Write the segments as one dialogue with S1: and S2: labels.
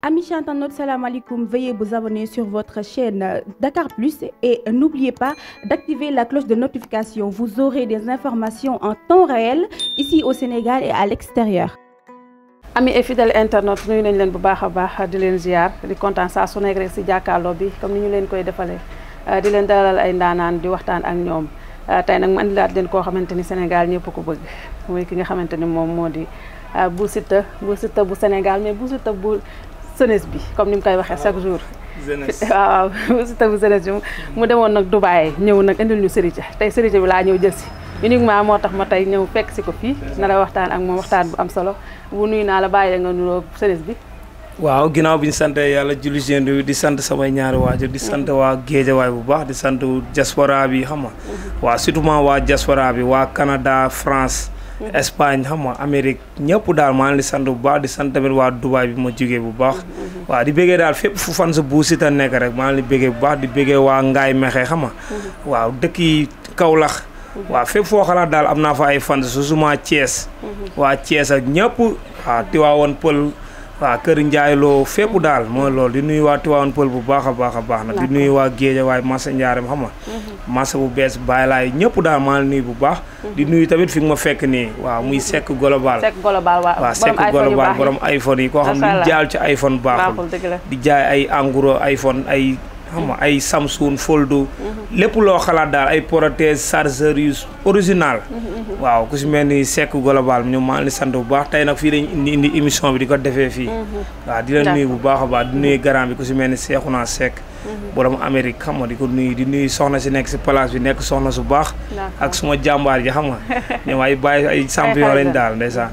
S1: Amis chers internautes, salam alaikum. Veuillez vous abonner sur votre chaîne Dakar Plus et n'oubliez pas d'activer la cloche de notification. Vous aurez des informations en temps réel ici au Sénégal et à l'extérieur. ami et fidèle internaute nuyu nañ leen bu baax a baax di leen ziar di kontaan saa su nekk si jàkkaarloo bi comme ni ñu leen koy defalee ah, di leen dalal ay ndaanaan di waxtaan ak ñoom ah, tey nag mu andilaat leen koo xamante ni Sénégal ñëpp ko bëgg muy ki nga xamante ni moom moo di ah, Bou Siteu Bou bu Sénégal mais Bou Siteu bu jeunesse bi comme ni mu koy waxee chaque jour. Ah, jeunesse waaw waaw Siteu bu jeunesse bi mu demoon nag Dubaay ñëw nag indil ñu Serigne tey Serigne bi laa ñëw jël si. uniquement moo tax ma tey ñëw fekk si ko fii na a waxtaan ak moom waxtaan bu am solo bu nuyu naa la bàyyi nga nuyoo jeunesse bi.
S2: waaw
S3: ginnaaw bi ñu sant yàlla julli génn di sant samay ñaari waajur di sant waa géejawaay bu baax di sant diaspora bi xam nga. Mm-hmm. waa surtout waa diaspora bi waa Canada France. Espagne xam nga Amérique ñëpp daal maa ngi di sant bu baax di sant tamit waa Dubaay bi ma jugee bu baax. waaw di bëggee daal fépp fu fan sa Bou Siteu nekk rek maa ngi di bëggee bu baax di bëggee waa Ngaye Mexe xam nga. waaw dëkk yi Kaolack. waa fépp foo xalaat daal am naa fa ay fan su suma Thiès. Mhm. waa Thiès ak ñëpp. waaw Tiwaawoon Pël. waaw kër Ndiaye loo fépp daal mooy lool di nuyu waa Tivaouane Pël bu baax a baax a baax na di nuyu waa Géeja waaye Massa Ndiarème xam nga mhm. Massa bu bees bàyyi laay ñëpp daal maa ngi bu baax mhm. di nuyu tamit fi nga ma fekk nii waaw muy Seck Global waaw
S1: Seck Global borom
S3: iPhone yi koo xam ne di jaal ci iPhone baaxul di jaay ay enguro iPhone ay xam nga ay Samsung Foldo. lépp loo xalaat daal ay prothèse chargeur yu original. waaw ku si mel ni Seck Global ñu maa sant bu baax tey nag fii dañ indi indi émission bi di ko defee fii. di la nuyu bu baax a baax di nuyu garant bi ku si mel ni Seexuna Seck. borom Amérique xam nga di ko nuyu di nuyu soxna si nekk si place bi nekk soxna su baax. ak suma jàmbaar ji xam nga ñoom ay bàyyi ay champion lañ daal ndeysaan.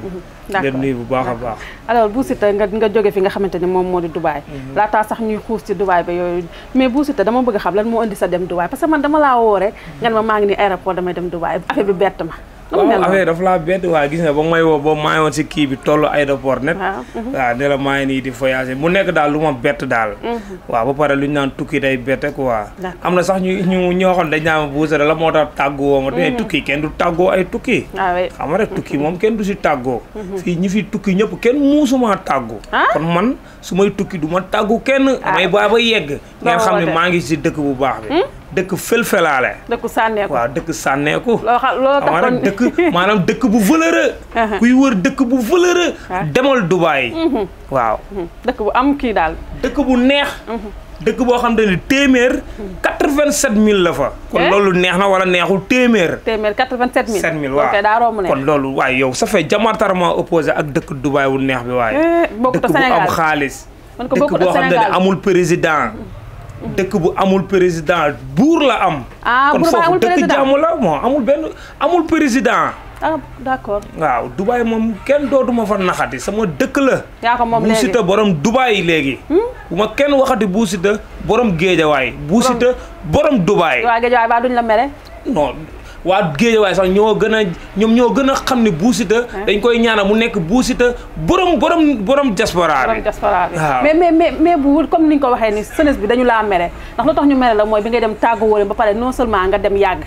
S3: leen nuyu bu baax a baax
S1: alors Bou nga nga jóge fi nga xamante ni moom moo di Dubaay mhm. laataa sax ñuy xuus ci Dubaay ba yooyu mais Bou dama bëgg xam lan moo indi sa dem Dubaay parce que man dama laa woo mhm. nga ne ma maa ngi ni aéroport damay dem Dubaay affaire bi bett ma waaw
S3: affaire dafa laa bett waaye gis nga ba may woo ba maayoon si kii bi toll aéroport net waaw mhm. ne la maa ngi nii di voyager mu nekk daal lu ma bett daal mhm. waaw ba pare lu ñu naan tukki day bette waa am na sax ñu ñu ñoo xam dañ naan buusa la moo tax tàggoo ma mhm. dañuy tukki kenn du tàggoo ay tukki ah xam nga rek tukki moom kenn du si tàggoo fii ñu fi tukki ñëpp kenn muusumaa tàggu ah? kon man su may tukki du ma tàggu kenn ah. damay baa ba yegg ngeen xam ne maa ngi si dëkk bu baax dëkk fël-fëlaale.
S1: dëkk sànneeku waaw
S3: dëkk sànneeku. dëkk maanaam dëkk bu valeureux. Uh-huh. kuy wër dëkk bu valeureux. Uh-huh. demal Dubaay. Uh-huh. waaw.
S1: dëkk bu am kii daal. dëkk bu neex.
S3: dëkk boo xam ne téeméer. quatre-vingt-sept mille la fa. kon eh? loolu neex na wala neexul téeméer.
S1: téeméer quatre-vingt-sept mille. sept mille waaw kon
S3: loolu waaye yow ça fait opposé ak dëkk Dubaay wu neex bi waaye. Eh,
S1: bokkut dëkk bu am xaalis. dëkk boo xam ne amul
S3: président. dëkk bu amul président buur la am.
S1: ah buur ba dëkk jàmm
S3: la moo amul benn amul président.
S1: ah d'accord.
S3: waaw Dubaay moom kenn dootuma fa naxati sama dëkk la.
S1: yaa ko moom léegi Bou Siteu borom
S3: Dubaay léegi. Hmm? bu ma kenn waxati Bou Siteu borom Géejawaay. borom Bou Siteu borom Dubaay. waaw
S1: Géejawaay ba duñ la mere.
S3: non. waa géejawaay sax ñoo gën a ñoom ñoo gën a xam ne Bou Siteu dañ koy ñaanal mu nekk Bou Siteu borom borom borom diaspora bi
S1: waaw mais mais mais mais bu comme ni ñu ko waxee ni jeunesse bi dañu laa mere ndax lu tax ñu mere la mooy bi ngay dem tàggu wóore ba pare non seulement nga dem yàgg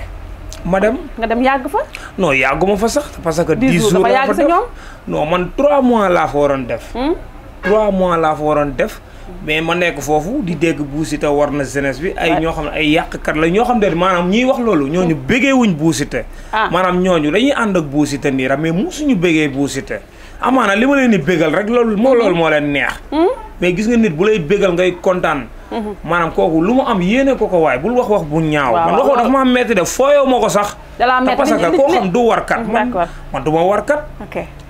S1: ma dem nga dem yàgg fa
S3: non yàgguma fa sax parce que dix jours dafa yàgg sa ñoom non man trois mois laa fa waroon def hmm? trois mois laa fa waroon def mais ma nekk foofu di dégg buusita war na jeunesse bi ay ñoo xam ne ay yàq kat la ñoo xam ne maanaam ñiy wax loolu ñooñu bëggee wuñ buusita ah. maanaam ñooñu dañuy ànd ak buusita nii rek mais mu musuñu bëggee buusita amaana li ma leen di bégal rek loolu moo loolu moo leen neex hmm? mais gis nga nit bu lay bégal ngay kontaan hmm. maanaam kooku lu mu am yéene ko ko waaye bul wax wax bu ñaaw man waxoo dafa ma metti de fooyoo ma ko sax
S1: parce que koo xam
S3: du warkat man man du ma warkat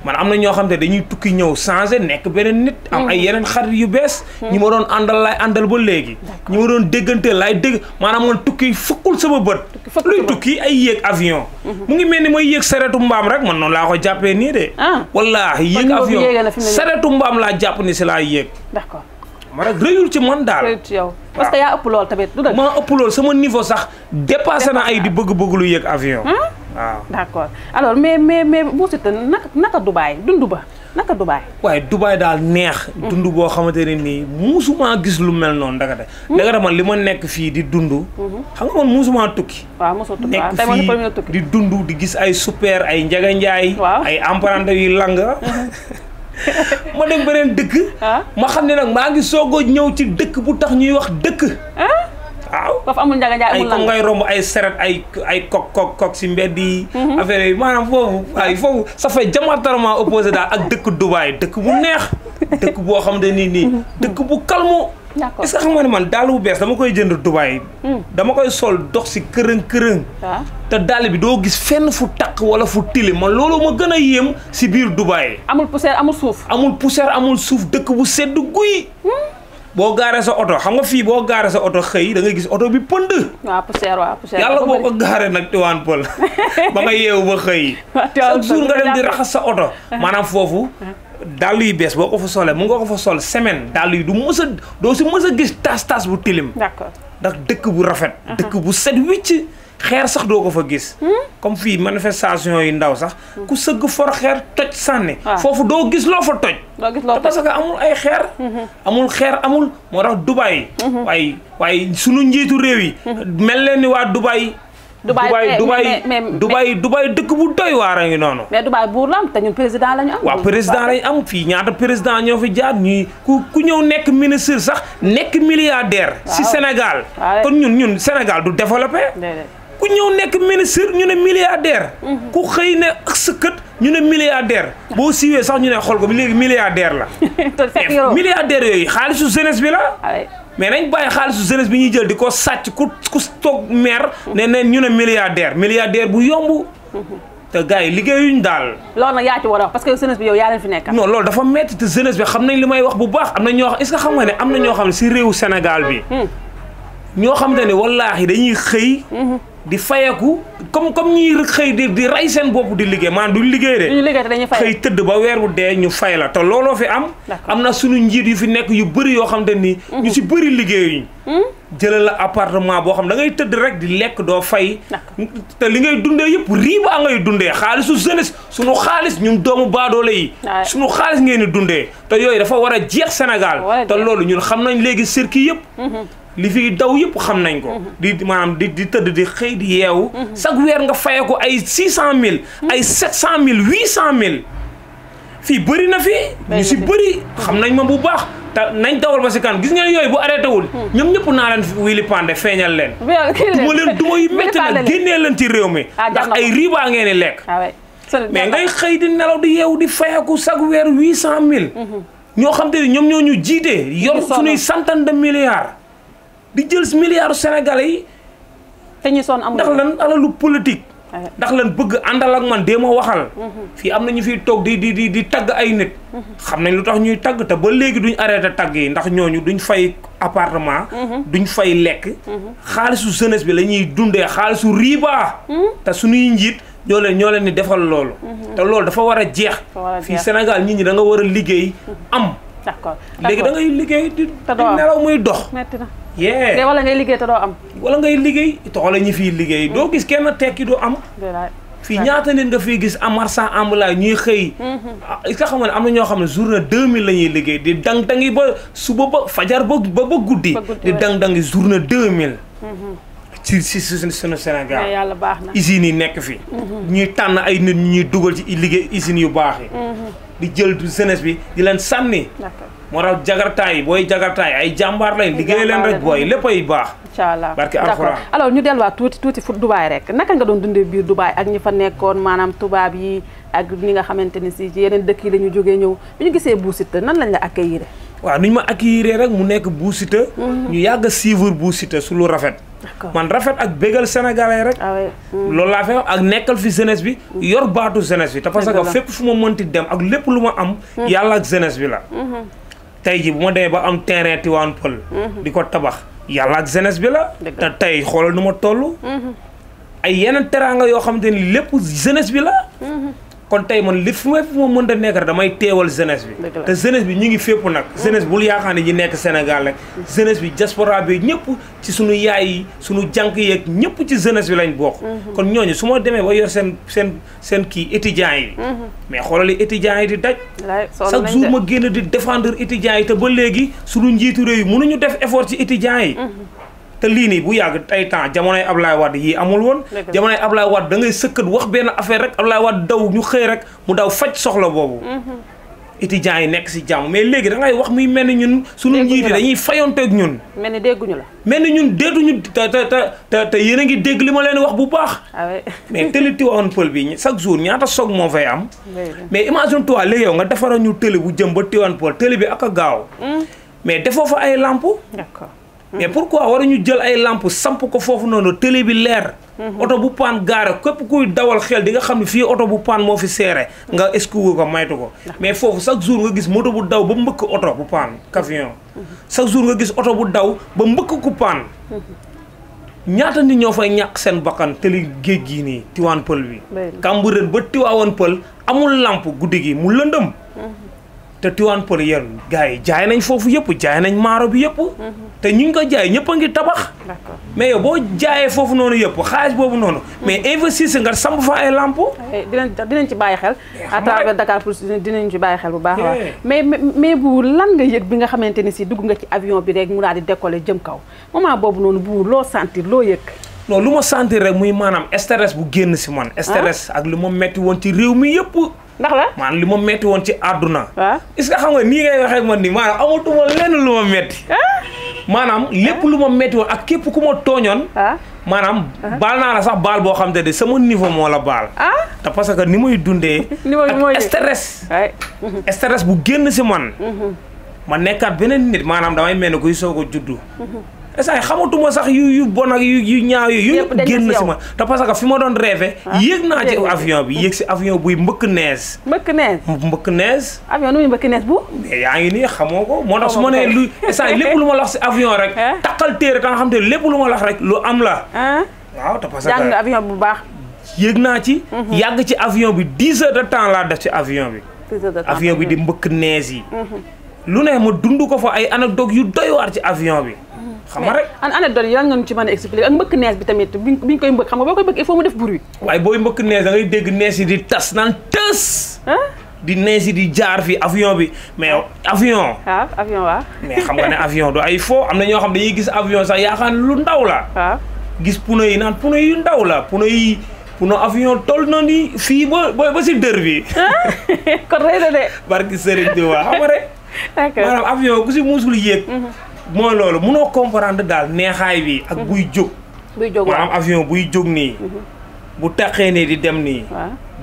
S3: man am na ñoo xam te dañuy tukki ñëw changé nekk beneen nit. am ay mm. yeneen xarit yu bees.
S2: Mm. ñi ma doon àndal
S3: laay àndal ba léegi. ñi ma doon dégganteel laay dégg maanaam man tukki fukkul sama bët. luy tukki ay yéeg avion. Mm-hmm. mu ngi mel ni mooy yéeg saretu mbaam rek man noonu laa ko jàppee nii de. Ah. wallaahi yéeg avion saretu mbaam laa jàpp ni si laa yéeg. d'accord ma rek rëyul ci man daal
S1: ci yow ah. ëpp lool tamit du maa
S3: ëpp lool sama niveau sax dépassé na ay di bëgg-bëgg lu yëg avion hmm? waaw
S1: d'accord alors mais mais mais Bou Siteu naka naka Dubaay dund ba naka Dubaay
S3: waaye Dubaay daal neex hmm. dund boo xamante ne nii musumaa gis lu mel noonu ndaka de hmm. ndaka man li ma nekk fii di dund xam nga man musumaa
S1: tukki waaw mosoo tukki nekk
S3: fii di dund di gis ay super ay njaganjaay ay emprunté yu lang ma dem beneen dëkk. ma xam ne nag maa ngi soog a ñëw ci dëkk bu tax ñuy wax dëkk. waaw
S1: foofu amul njaga njaay amul lan ay ngay romb
S3: ay seret ay ay kok kok kok si mbedd yi. Mhm. affaire yi maanaam foofu ay foofu ça fait diamétralement opposé daal ak dëkk Dubaay dëkk bu neex dëkk boo xam ne nii nii mhm. dëkk bu calme. d'accord est-ce xam ne man dàll bu bees dama koy jënd Dubaay. Hmm. dama koy sol dox si kërën kërën. Ah. te dàll bi doo gis fenn fu taq wala fu tili man loolu ma gën a yéem si biir Dubaay.
S1: amul poussière amul suuf. amul poussière amul suuf dëkk bu sedd guy. Hmm.
S3: boo gaaree sa oto xam nga fii boo gaaree sa oto xëy da ngay gis oto bi pënd.
S1: waaw poussière yàlla boo ko
S3: gaaree nag Tivaouane Peulh ba nga yeewu ba xëy.
S1: chaque jour nga dem di raxas
S3: sa oto. maanaam foofu. dàll yu bees boo ko fa solee mu nga ko fa sol semaine dàll yi du mës a doo si mës gis tas tas bu tilim. d'accord ndax dëkk bu rafet. Uh-huh. dëkk bu set wicc. xeer sax doo ko fa gis. Hmm? comme fii manifestation yi ndaw sax. Hmm. ku sëgg for xeer toj sànni. Ah. foofu doo gis loo fa toj.
S1: doo gis loo fa toj parce que amul ay xeer. Hmm.
S3: amul xeer amul moo tax Dubaay. waaye waaye sunu njiitu réew yi. mel leen ni waa Dubaay. Dubaay Dubaay Dubaay Dubaay dëkk bu doy waar a ngi noonu.
S1: mais Dubaay buur la am te ñun président la ñu am. waaw président lañu
S3: am fii ñaata président ñoo fi jaar ñuy ku ku ñëw nekk ministre sax nekk milliardaire. si Sénégal. kon ñun ñun Sénégal du développé. ku ñëw nekk ministre ñu ne milliardaire.
S1: Mhm. ku xëy ne
S3: ëksëkët ñu ne milliardaire boo siiwee sax ñu ne xool ko léegi milliardaire la.
S1: milliardaire yooyu xaalisu
S3: jeunesse bi la. mais nañ bàyyi xaalisu jeunesse bi ñuy jël di ko sàcc ku ku toog maire. ne ne ñu ne milliardaire milliardaire bu yomb. Mhm. te gars yi liggéeyuñ daal.
S1: loolu nag yaa ci war a wax parce que jeunesse bi yow yaa leen fi nekk. non loolu
S3: dafa métti te bi xam nañ li may wax bu baax am na ñoo xam est que xam nga ne am na ñoo xam ne si réewu Sénégal bi. Hmm. ñoo xam ne wallaahi di fayeku comme comme ñuy xëy di di rey seen bopp di liggéey maanaam du liggéey de xëy tëdd ba weer wu dee ñu fay la te looloo fi am am na suñu njiit yu fi nekk yu bëri yoo xam te ni mhm. ñu si bëri liggéeyuñ hmm? jëlal la appartement boo xam da ngay tëdd rek di lekk doo fay te li ngay dundee yëpp riba ngay dundee xaalisu jeunesse suñu xaalis ñun doomu baadoole yi suñu xaalis ngeen di dundee te yooyu dafa war a jeex Sénégal te loolu ñun xam nañ léegi circuit yëpp mhm. li fiy daw yëpp xam nañ ko. Mhm. di maanaam di di tëdd di xëy di yeewu. sag mhm. weer nga faye ay six cent mille. Mhm. ay sept cent mille huit cent mille. fii bëri na fi ñu si bëri xam nañ ma bu baax te nañ dawal ba si kan gis ngeen yooyu bu arrêté wul ñoom ñëpp naa leen wili pande feeñal leen
S2: duma leen duma yu
S3: métti na génnee leen ci réew mi ah, ndax ay riibaa ngeen di lekk ah, mais ngay xëy di nelaw di yeewu di fayeku chaque weer huit cent mille ñoo xam te ni ñoom ñoo ñu jiite yor suñuy centaine de milliards di jël milliards sénégalais yi. te ñu
S2: sonn amul ndax lan
S3: alalu politique. ndax leen bëgg àndal ak man dee ma waxal. Mhm. fii am na ñu fiy toog di di di tagg ay nit. Mhm. xam nañ lu tax ñuy tagg te ba léegi duñ arrêté tagg yi ndax ñooñu duñ fay appartement. Mhm. duñ fay lekk. xaalisu jeunesse bi la ñuy dundee xaalisu riba. te suñuy njiit ñoo leen ñoo leen di defal loolu. te loolu dafa war a jeex. fii Sénégal nit ñi da nga war a liggéey
S1: am. d'accord léegi dangay liggéey di. te nelaw muy dox. yee wala ngay liggéey te doo am
S3: wala ngay liggéey toxala ñi fii liggéey mm. doo gis kenn tekki doo am fii ñaata nit nga fiy gis amar marchand ambulant ñuy xëy
S2: mm-hmm. ah,
S3: est-ce que ne am na ñoo xam ne journée deux mille la ñuy liggéey di dang dangi ba suba ba fajar ba ba ba guddi di dang dangi journée deux mille si mm-hmm. ci suñu Sénégal
S1: yàlla baax na
S3: usines yi nekk fi mm-hmm. ñuy tànn ay nit ñuy dugal ci liggéey usines yu baax yi di jël jeunesse bi di leen sànni moo tax jagartaay booy jagartaay ay jàmbaar lañ liggéey leen rek booy lépp ay baax
S1: incha allah barke alxuraan alors ñu delluwaat tuuti tuuti fu Dubaay rek naka nga doon dundee biir Dubaay ak ñu fa nekkoon maanaam tubaab yi ak ñi nga xamante ni si yeneen dëkk yi la jógee ñëw bi ñu gisee Bou Siteu nan lañ la accueillir
S3: waaw ni ñu ma ak accueillir rek mu nekk Bou mhm. ñu yàgg a suivre Bou Siteu su lu rafet man rafet ak bégal sénégalais rek ah mhm. loolu laa fay ak nekkal fi jeunesse bi mhm. yor baatu jeunesse bi te parce que fépp fu ma mënti dem ak lépp lu ma am yàlla ak jeunesse bi la tey ji bu ma demee ba am terrain Tivaouane Peulh mhm. di ko tabax yàlla ak jeunesse bi la te tey xoolal nu ma toll mhm. ay yeneen teraanga yoo xamante ni lépp jeunesse bi la mhm. kon tey man li fi may fi ma mën a nekk rek damay teewal jeunesse bi. te jeunesse bi ñu ngi fépp nag. Mm. jeunesse bul yaakaar ne nekk Sénégal rek. Mm. jeunesse bi diaspora bi ñëpp ci sunu yaay yi sunu jànk yeeg ñëpp ci jeunesse bi lañ bokk. Mm-hmm. kon ñooñu su ma demee ba yor seen seen seen kii étudiants yi. Mm-hmm. mais xoolali étudiants yi di daj. chaque jour ma génn di défendre étudiants yi te ba léegi suñu njiitu réew yi mënuñu def effort ci étudiants yi. Mm-hmm. te lii nii bu yàgg ay temps jamonoy Ablaye Wade yii amul woon jamonoy Ablaye Wade da ngay sëkkat wax benn affaire rek Ablaye Wade daw ñu xëy rek mu daw faj soxla boobu mhm. étudiants yi nekk si jàmm mais léegi da ngay wax muy mel ni ñun su suñu njiit dañuy fayonteeg ñun
S1: mel ni dégguñu la
S3: mel ni ñun dégguñu te te te te yéen a ngi dégg li ma leen wax bu baax ah mais télé Tivaouane Peulh bi chaque jour ñaata soog moom fay am mais imagine toi léegi yow nga defara ñu télé bu jëm ba Tivaouane Peulh bi ak gaaw hmm. mais defoo fa ay lamp mais pour pourquoi ñu jël ay làmp samp ko foofu noonu télé bi leer. Mhm. oto bu paan gaare képp kuy dawal xel di nga xam ne fii oto bu paan moo fi seere nga esquiver ko maytu ko. mais foofu chaque jour nga gis moto bu daw ba mbëkk oto bu paan camion. Mhm. chaque jour nga gis oto bu daw ba mbëkk ku paan. Mhm. ñaata nit ñoo fay ñàkk seen bakkan tëli géej gii nii tiwaan pël bi. Cambérène ba tiwaawoon pël amul làmp guddi gi mu lëndëm. te Tivaouane Peulh gars yi jaay nañ foofu yëpp jaay nañ maaro bi yëpp. Mhm. te ñu ngi ko jaay ñëpp a ngi tabax. mais boo jaayee foofu noonu yëpp xaalis boobu noonu. mais mhm. investir si nga samp fa ay lamp
S1: eh, dinañ dinañ ci bàyyi xel. à travers Dakar Plus dinañ ci bàyyi xel bu baax. mais mais bu lan nga yëg bi nga xamante ni si dugg nga ci avion bi rek mu daal di décoller jëm kaw moment boobu noonu bu loo sentir loo yëg. non lu ma sentir
S3: rek muy maanaam stress bu génn si man. Ah. stress ak lu ma metti woon ci réew mi yëpp. ndax la maanaam li ma metti woon ci àdduna waaw est xam nga nii ngay waxee ma nii maanaam amatuma lenn lu ma metti ah? maanaam lépp lu ma metti woon ak képp ku ma tooñoon ah. maanaam ah. baal naa la sax baal boo xam te ne sama niveau moo la baal te parce que ni muy dundee
S2: ak stress stress
S3: bu génn si man mm-hmm. ma nekkaat beneen nit maanaam damay mel na kuy soog a juddu
S2: mm-hmm.
S3: essay xamatuma sax yu yu bon ak yu yu ñaaw yu yëpp génn si ma te parce que fi ma doon rêvé ah, yéeg naa ci avion bi yéeg si avion buy mbëkk nees
S1: mbëkk mbëkk nees avion nu muy mbëkk yaa
S3: ngi nii xamoo ko moo tax ma nee lu essay lépp lu si avion rek ah. taqal téere lépp lu rek lu am la ah. waaw te que jàng avion bu baax yéeg naa ci mhm. yàgg ci avion bi dix de temps laa def ci avion bi avion bi di mbëkk nees yi mhm. lu ne ma dund ko fa ay anecdote yu doy waar ci avion bi xam nga rek
S1: an anecdote yan nga ci mën a expliquer ak mbëkk nees bi koy mbëkk xam nga boo koy mbëkk il faut mu def bruit
S3: dégg nees tas naan di nees di jaar fi avion bi mais avion
S1: waaw ah, avion waaw mais xam nga ne
S3: avion du ay foo am na ñoo xam ne dañuy gis avion sax yaakaar lu ndaw la waaw ah. gis pneu yi naan pneu yu ndaw la pneu yi pneu avion toll na ni fii ba ba si dër bi ah. kon rëy na de barki Serigne Touba
S2: xam nga
S3: avion ku si muusul yéeg mhm. mooy loolu munoo comprendre daal neexaay bi ak buy mhm. jóg. buy jóg waaw avion buy jóg nii. Mhm. bu taqee ne di dem nii.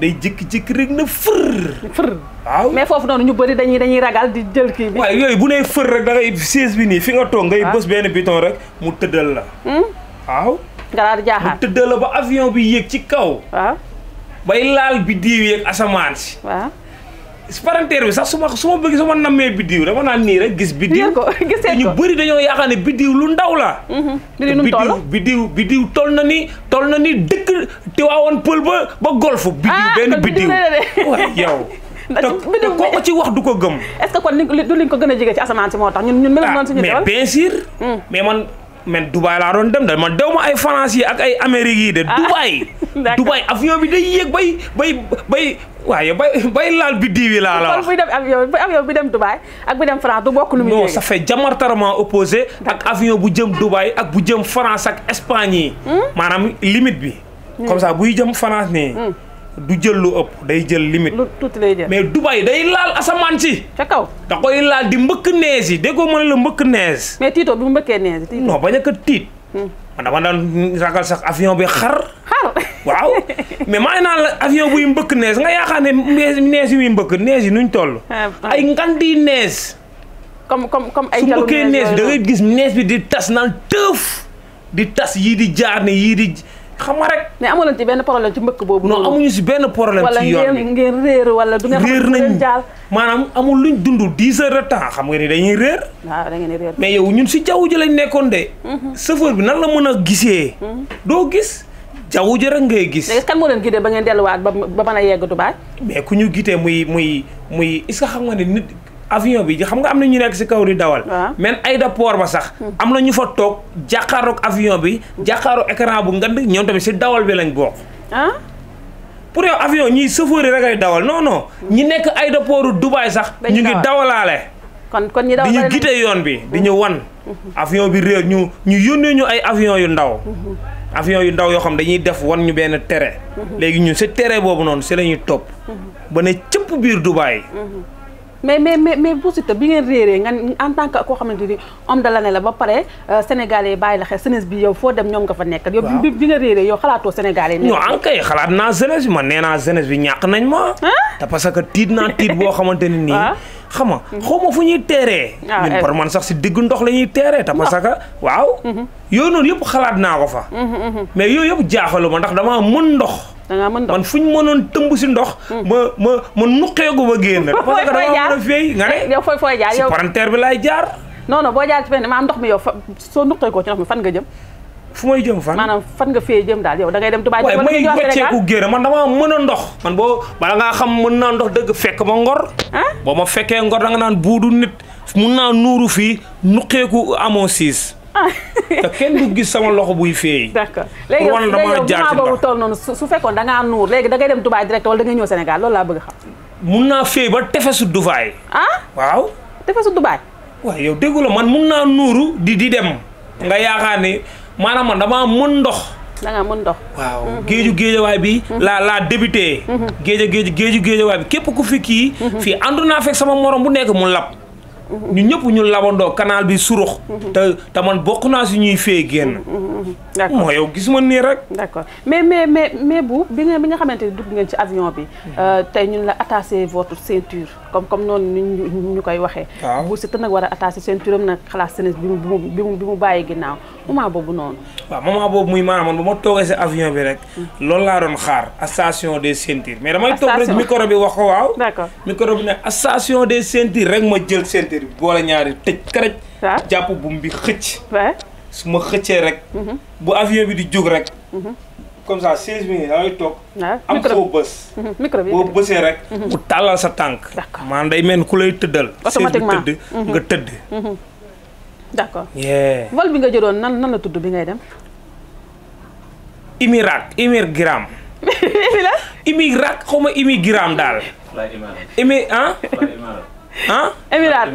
S3: day jékki-jékki rek na fër. fër waaw mais
S1: foofu noonu ñu bëri dañuy dañuy ragal di jël kii bi. waaye
S3: yooyu bu nee fër rek da ngay bi nii fi nga toog ngay ah. bës benn piton rek mu tëddal la.
S1: Hmm? waaw. nga daal di jaaxaar mu tëddal
S3: la ba avion bi yéeg ci kaw. waaw bay laal bi diiw yeeg asamaan si. parenteer bi sax su ma su ma bëgg su ma nammee biddiw dama naan nii rek gis biddiw te ñu bëri dañoo yaakaar ne biddiw lu ndaw la mhm. biddiw biddiw biddiw toll na ni toll na ni dëkk tiwaawoon pël ba ba golf ah, biddiw benn biddiw yow te koo ko
S1: ci wax du ko gëm est-ce que kon du liñ ko gën a jege ci asamaan si moo tax ñun ñun mel noonu ah, suñu mais
S3: bien hmm. mais man man Dubaay laa doon dem de man dew ma ay France yi ak ay Amérique yi de. Dubaay ah, Dubaay avion bi day yéeg bay bay bay. waaye bay bay laal bi diiwi laa la wax kon buy
S1: dem avion bu avion dem Dubaay ak bu dem France du bokk nu muy non ça
S3: fait diamétralement opposé ak avion bu jëm ak bu jëm France ak Espagne yi. Hmm? maanaam limite bi. Hmm. comme ça buy jëm France nii. Hmm. du jël lu ëpp day jël limite. lu tuuti mais Dubaï day laal asamaan si. ca kaw da koy laal di mbëkk nees yi déggoo ma ne la mbëkk nees.
S1: mais tiito bi mu mbëkkee nees yi. non bañ
S3: hmm. sax avion xar. xar waaw mais maa ngi la avion buy mbëkk nees nga mbëkk nees yi nuñ toll. Ah, ay ngandi nees. comme comme ay. jalu nees su mbëkkee nees da ngay gis nees bi di tas naan tëëf di tas yii di jaar ne yii di. xam
S1: nga rek. mais amoon nañu ci benn problème ci mbëkk boobu. non amuñu si
S3: benn problème. ci yoon bi wala
S1: ngeen réer wala. du ngeen xam ne
S3: maanaam amul luñ dund dix heures de temps xam nga ni dañuy réer.
S1: waaw da ngeen di réer.
S3: mais yow ñun si jaww ji lañ nekkoon de. Mhm. chauffeur bi nan la mën a gisee. Mhm. doo gis jaww ji rek ngay gis. léegi
S1: kan moo leen guidé ba ngeen delluwaat ba ba mën a yegg Dubaay.
S3: mais ku ñu guidé muy muy muy est-ce xam nga ne nit. avion bi xam nga am na ñu nekk si kaw di dawal. même aéroport ba sax. Hmm. am na ñu fa toog jàkkaaroog avion bi. jàkkaaroog écran bu ngand ñoom tamit si dawal bi lañu bokk. Ah? pour yow avion ñiy chauffeur yi rek ay dawal non non. Hmm. ñi nekk aéroportu Dubaay sax. ñu ngi dawalaale.
S1: kon kon ñi di gite yoon
S3: bi di ñu hmm. wan. avion bi réer ñu ñu yónnee ñu ay avion yu ndaw. avion yu ndaw yoo xam dañuy def wan ñu benn tere. léegi ñu si tere boobu noonu si lañuy topp. ba ne cëpp
S2: biir Dubaay.
S1: mais mais mais mais Bou Siteu bi ngeen réeree nga en tant que koo xamante ni homme de l'année la ba pare euh, sénégalais yi bàyyi la xel jeunesse bi yow foo dem ñoom nga fa nekk yow bi bi nga réeree yow xalaatoo sénégalais yi non an kay
S3: xalaat naa jeunesse bi man nee naa jeunesse bi ñàkk nañ ma ah? te parce que tiit naa tiit boo xamante ne nii ah? xam nga mhm. xaw ma fu ñuy teeree ah, ñun eh. par man sax si diggu ndox la ñuy teeree te parce que waaw mhm. yooyu noonu yëpp xalaat naa ko fa mhm, mais yooyu yëpp jaaxalu ma ndax damaa mën ndox da ngaa mën ndox man fu ñu mënoon tëmb si ndox. Hmm. ma ma ma nuqeegu ma génn. fooy fooy jaar nga ne. yow bi laay jaar.
S1: non non boo jaar ci fenn ndox mi yow fa soo nuqeekoo ci ndox mi fan nga jëm. fu may jëm fan maanaam fan nga fee jëm daal yow da dem Dubaay waaye may wacceeku
S3: génn man dama mën a ndox man boo bala ngaa xam mën naa ndox dëgg fekk ma ngor boo ma fekkee ngor da nga naan buudu nit mun naa nuuru fii nuqeeku amoo siis ah. kenn du gis sama loxo buy feey. d'accord léegi yow léegi boobu
S1: toog su fekkoon da ngaa nuur léegi da ngay dem Dubaay direct wala da ngay ñëw Sénégal loolu laa bëgg xam. mun
S3: naa feey ba tefesu Dubaay. ah waaw. tefesu Dubaay. waaw yow déggula man mun naa nuuru di di dem. nga yaakaar ne maanaam man damaa mën ndox. da mën ndox. waaw mhm. géeju géejawaay bi. Mhm. la la débuté. géej mhm. géeju géeju géejawaay bi képp ku fi kii. fii àndu naa fekk sama morom bu nekk mu lab. ñu ñëpp ñu labandoo canal bi surux. Mhm. te te man bokk naa si ñuy fee génn.
S1: Mhm, mhm, moo yow
S3: gis ma nii rek.
S1: mais mais mais mais bu bi nga bi nga xamante ni dugg ngeen ci avion bi. Euh, tey ñun la attaché votre ceinture comme comme noonu ñu ñu koy waxee. waaw bu si te nag war a attaché ceinture am nag xalaat seen bi mu bi mu bi mu bàyyi boobu noonu.
S3: waaw moment boobu muy maanaam man ba ma toogee si avion bi rek. loolu laa doon xaar station des ceintures. mais damay toog rek micro bi wax ko waaw. d'accord micro bi ne station des électeur bi boole ñaari tëj karaj jàpp buum bi xëcc su ma xëccee rek mhm. bu avion bi di jóg rek
S2: mhm. comme
S3: ça 16 minutes da toog. Ah, am foo bës. Mhm, micro bi boo bësee rek. bu tàllal sa tànk. d' accord day mel ku lay tëddal. automatiquement tëdd nga tëdd.
S1: d' accord. vol bi nga jëloon nan nan la tudd bi ngay dem.
S3: Imirak Imigram. Imirak xaw ma Imigram daal. Imi ah. ah. Émirats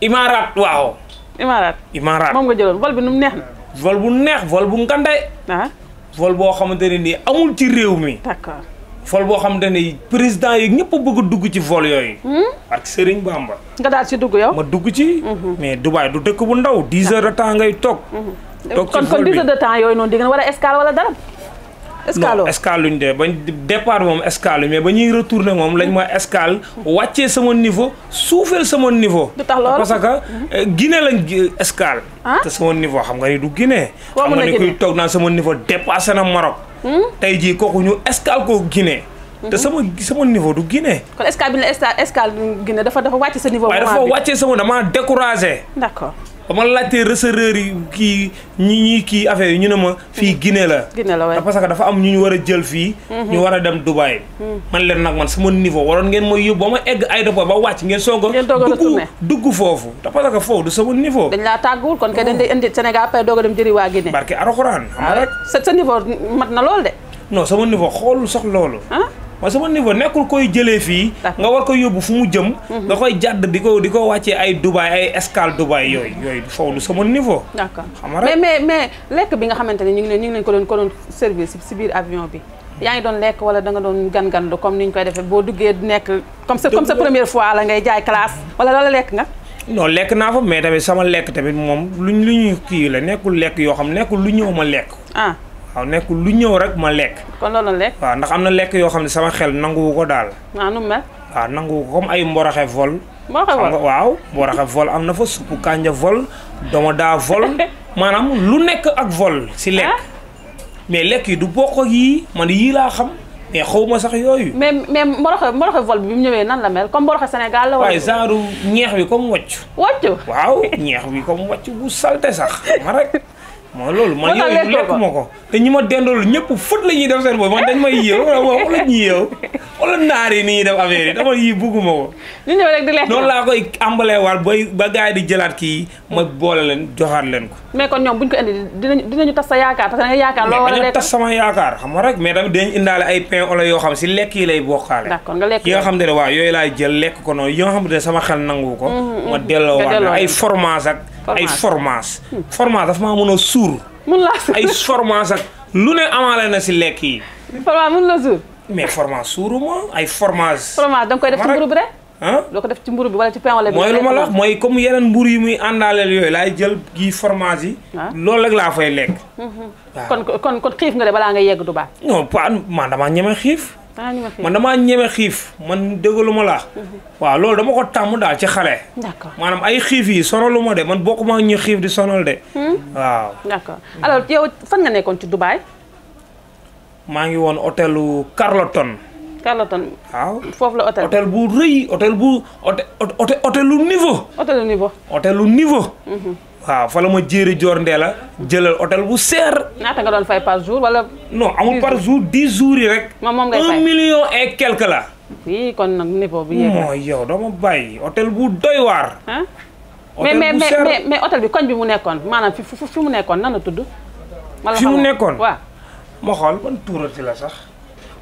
S3: Imaaraat waaw. Imaaraat Imaaraat moom
S1: nga jëloon vol bi nu mu neex na.
S3: vol bu neex vol bu ngandee. ah. vol boo xamante ne nii amul ci réew mi. d'accord vol boo xamante ne président yi ñëpp a bëgg dugg ci vol yooyu. Hmm? ak Serigne Bamba. nga daal ci dugg yow. ma dugg ci. Hmm. mais Dubaay du dëkk bu ndaw. dix heures de temps ngay toog.
S1: Hmm. toog ci vol bi kon kon dix yooyu noonu di ngeen war a escale wala dara.
S3: escale non escale luñ dee bañ départ moom escale mais ba ñuy retourner moom lañ ma escale wàccee sama niveau suufeel sama niveau. du tax loolu parce que euh, Guinée lañ escale. Ah? te sama niveau xam nga ni du Guinée. xam nga ni kuy toog naa sama niveau dépassé na Maroc. Hmm? tey jii kooku ñu escale ko Guinée. Hmm. te sama sama niveau du Guinée.
S1: kon escale bi la escale Guinée dafa dafa wàcc sa niveau. waaye dafa wàccee
S3: sama damaa découragé. d'accord. ba ma laajtee receveurs yi kii ñi ñuy kii affaire yi ñu ne ma fii mhm. Guinée la parce que dafa am ñu ñu war a jël fii mhm. ñu war a dem Dubaï mhm. man leen nag man sama niveau waroon ngeen mooy yóbbu ba ma egg aéroport ba wàcc ngeen soog a dugg dugg foofu te parce foofu du sama
S1: niveau dañ laa tàgguwul kon kay dañ oh. lay indi Sénégal après doog a dem jëri waa Guinée barke
S3: Alxuraan xam nga ah. rek
S1: sa niveau mat na lool de
S3: noo sama niveau xoolul sox loolu ah. mooy sama niveau nekkul koy jëlee fii nga war ko yóbbu fu mu jëm mhm. nga koy jàdd di ko di ko wàccee ay Dubaay ay escale Dubaay yooyu yooyu du sama niveau
S1: d'accord xam nga rek mais mais lekk bi nga xamante ne ñu ngi leen ñu ngi ko doon ko doon service si biir avion bi yaa ngi doon lekk wala da doon gan-gan comme ni ñu koy defee boo duggee nekk comme sa comme sa première fois ngay jaay classe wala loola lekk nga
S3: non lekk naa fa mais tamit sama lekk tamit moom luñ lu ñuy kii la nekkul lekk yoo xam nekkul lu ñëw ma lekk ah waaw nekkul lu ñëw rek ma lekk.
S1: kon loolu lekk. waaw
S3: ndax am na lekk yoo xam ne sama xel nanguwu ko daal. naa ah, nu mel. waaw nanguwu ko comme ay mboroxe vol. mboroxe vol waaw mboroxe vol am na fa suppu kànja vol domoda vol maanaam lu nekk ak vol si lekk. Ah? mais lekk yi du bokk ak man yii laa xam. mais xaw ma sax yooyu.
S1: mais mais mboroxe mboroxe vol bi mu ñëwee nan la mel comme mboroxe Sénégal la. wala waaye genre
S3: ñeex bi comme wàcc. waaw ñeex bi comme wàcc bu salte sax ma rek. moo loolu man yooyu lekkuma ko te ñi ma dendool ñëpp fët la ñuy def seen bopp man dañ may yéew wala ñu yéew wala naar yi ni ñuy def affaire dama yii bugguma ko
S1: ñu ñëw rek di lekk noonu laa koy
S3: ambalee war bay ba gars di jëlaat kii ma boole leen joxaat leen
S1: ko kon ñoom buñ ko indi dinañu dinañu tas sa yaakaar parce yaakaar loo war sama
S3: yaakaar xam nga rek mais tamit dañ indaale ay pain au lait yoo xam si lekk yi lay bokkaale
S1: d'accord nga lekk yi nga xam
S3: ne waaw yooyu laay jël lekk ko noonu yoo xam ne sama xel nangu ko mm-hmm, ma mm-hmm. delloo waat ay fromage ak ay
S1: fromage
S3: fromage dafa maa mën
S1: a suur. mun laa
S3: suur ay fromage ak lu ne amaale na si lekk yi.
S1: fromage mun la suur. mais fromage suuru ma
S3: ay fromage.
S1: fromage da nga koy def ci mburu bi rek. ah ko def ci mburu bi wala ci pain wala. mooy la
S3: mooy comme yeneen mburu yi muy àndaaleel yooyu laay jël kii fromage loolu rek laa fay lekk.
S1: Mhm. kon kon kon xiif nga de balaa nga yegg du baax. non
S3: pas man xiif.
S1: man damaa
S3: ñeme xiif man déggaluma laa. Mhm. waaw loolu dama ko tàmm daal ci xale. maanaam ay xiif yi sonaluma de man bokkuma ñu xiif di sonal de. Hmm? waaw.
S1: d'accord alors yow fan nga nekkoon ci Dubaï.
S3: maa ngi woon hôtelu Carlton.
S1: Carlton. waaw foofu la hôtel. hôtel bu
S3: rëy hôtel bu hôtel hôtel lu niveau. hôtel lu niveau. hôtel lu niveau. Mhm. waaw ma jéeri joor la jëlal hôtel bu seer.
S1: naata nga doon fay par jour wala. non
S3: amul par jour dix jour yi rek.
S1: moom moom ngay million
S3: et quelque la.
S1: oui kon nag niveau bi yéeg mooy
S3: yow dama bàyyi hôtel bu doy waar.
S1: mais mais mais mais hôtel bi koñ bi mu nekkoon maanaam fi fi mu nekkoon nan la tudd. fi mu nekkoon waaw.
S3: ma xool ban tuurati la sax.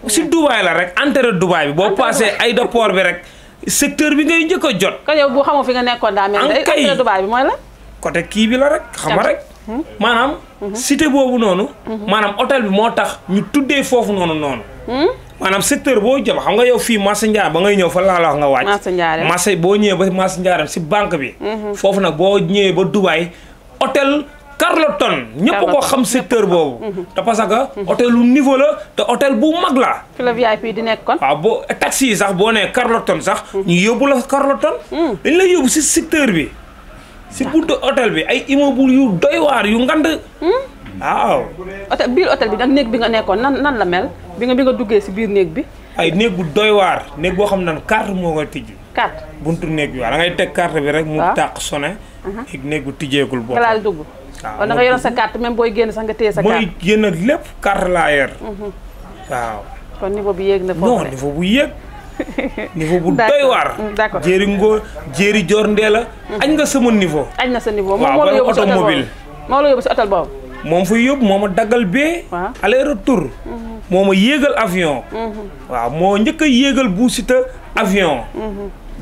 S3: si Dubaay la rek entrée Dubaay bi boo passé aéroport bi rek secteur bi ngay njëkk a jot.
S1: kon yow bu xamoo fi nga nekkoon daa mel. entrée Dubaay bi mooy
S3: kii bi la rek nga rek. Hmm? maanaam. Hmm? cité boobu noonu. Hmm? maanaam hôtel bi moo tax ñu tuddee foofu noonu noonu. maanaam secteur boo jëm xam nga yow fii Massa Ndiaye ba ngay ñëw fa laa la wax nga
S1: wàcc. Massa
S3: Ndiaye boo ñëwee ba Massa Ndiaye si banque bi. foofu nag boo ñëwee ba Dubaay hôtel. ton ñëpp ko xam secteur boobu. Mhm. te parce que. hôtel lu niveau la te hôtel bu mag la.
S1: fi la VIP di nekk kon.
S3: waaw ah, boo taxi yi sax boo nee Carlotton sax. Mhm. ñu yóbbu la mhm. la yóbbu si secteur bi. si buntu hôtel bi ay immeuble yu doy yu ngand. waaw.
S1: hôtel biir bi nag néeg bi nga nekkoon nan nan la mel bi nga bi nga si biir néeg bi.
S3: ay néeg bu doy waar néeg boo xam ne carte moo koy tijji. néeg bi waaw da ngay bi rek. mu tàq sonné. néeg bu tijjeekul boobu. dugg. waaw wala nga yoroon sa
S1: carte même booy génn sax nga téye sa carte. mooy
S3: génn ak lépp carte laa yor. Mhm. waaw. kon niveau bi yéeg na foofu non niveau bu doy waar. Mm, jéeri ngoo jéeri joor ndee la. Mhm. añ nga sama niveau.
S1: añ na sa niveau moom moo la yóbbu
S3: moom fay ma daggal bee. waaw aller retour. Mhm. yéegal avion. waaw moo njëkk a yéegal bu sita avion.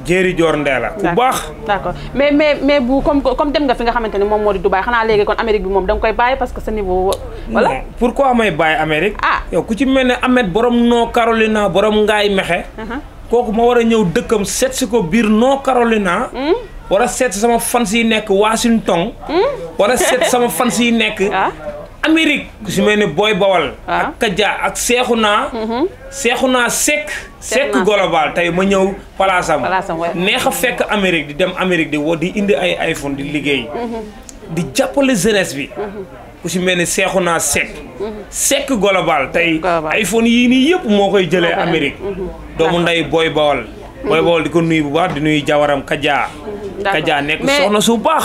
S3: jéeri joor ndeela bu baax
S1: d'accord mais mais mais bu comme comme dem nga fi nga xamante ne moom moo di Dubaï xanaa léegi kon Amérique bi moom da nga koy bàyyi parce que sa niveau voilà
S3: pourquoi may bàyyi Amérique ah ku ci mel ne Ahmed borom noo Carolina borom ngaay mexe uh-huh. kooku ma war a ñëw dëkkam seet si ko biir noo Carolina hmm? war a seet sama fan si nekk Washington
S2: hmm? war a seet sama
S3: fan si nekk ah. Amérique. ku si mel ni booy Bawal. Ah. ak Kaja ak Seexuna. naa Seck. Seck global tey ma ñëw palaasam. neex a fekk Amérique di dem Amérique di woo di indi ay iPhone di liggéey. Mhm. di jàppale jeunesse bi. Mhm. ku si mel ni Seexuna Seck. Mhm. Seck global tey. iPhone yii nii yëpp moo koy jëlee Amérique. doomu ndey Boy Bawal. Boy Bawal di ko nuyu bu baax di nuyu jawaram Kaja.
S1: Kaja nekk soxna su baax.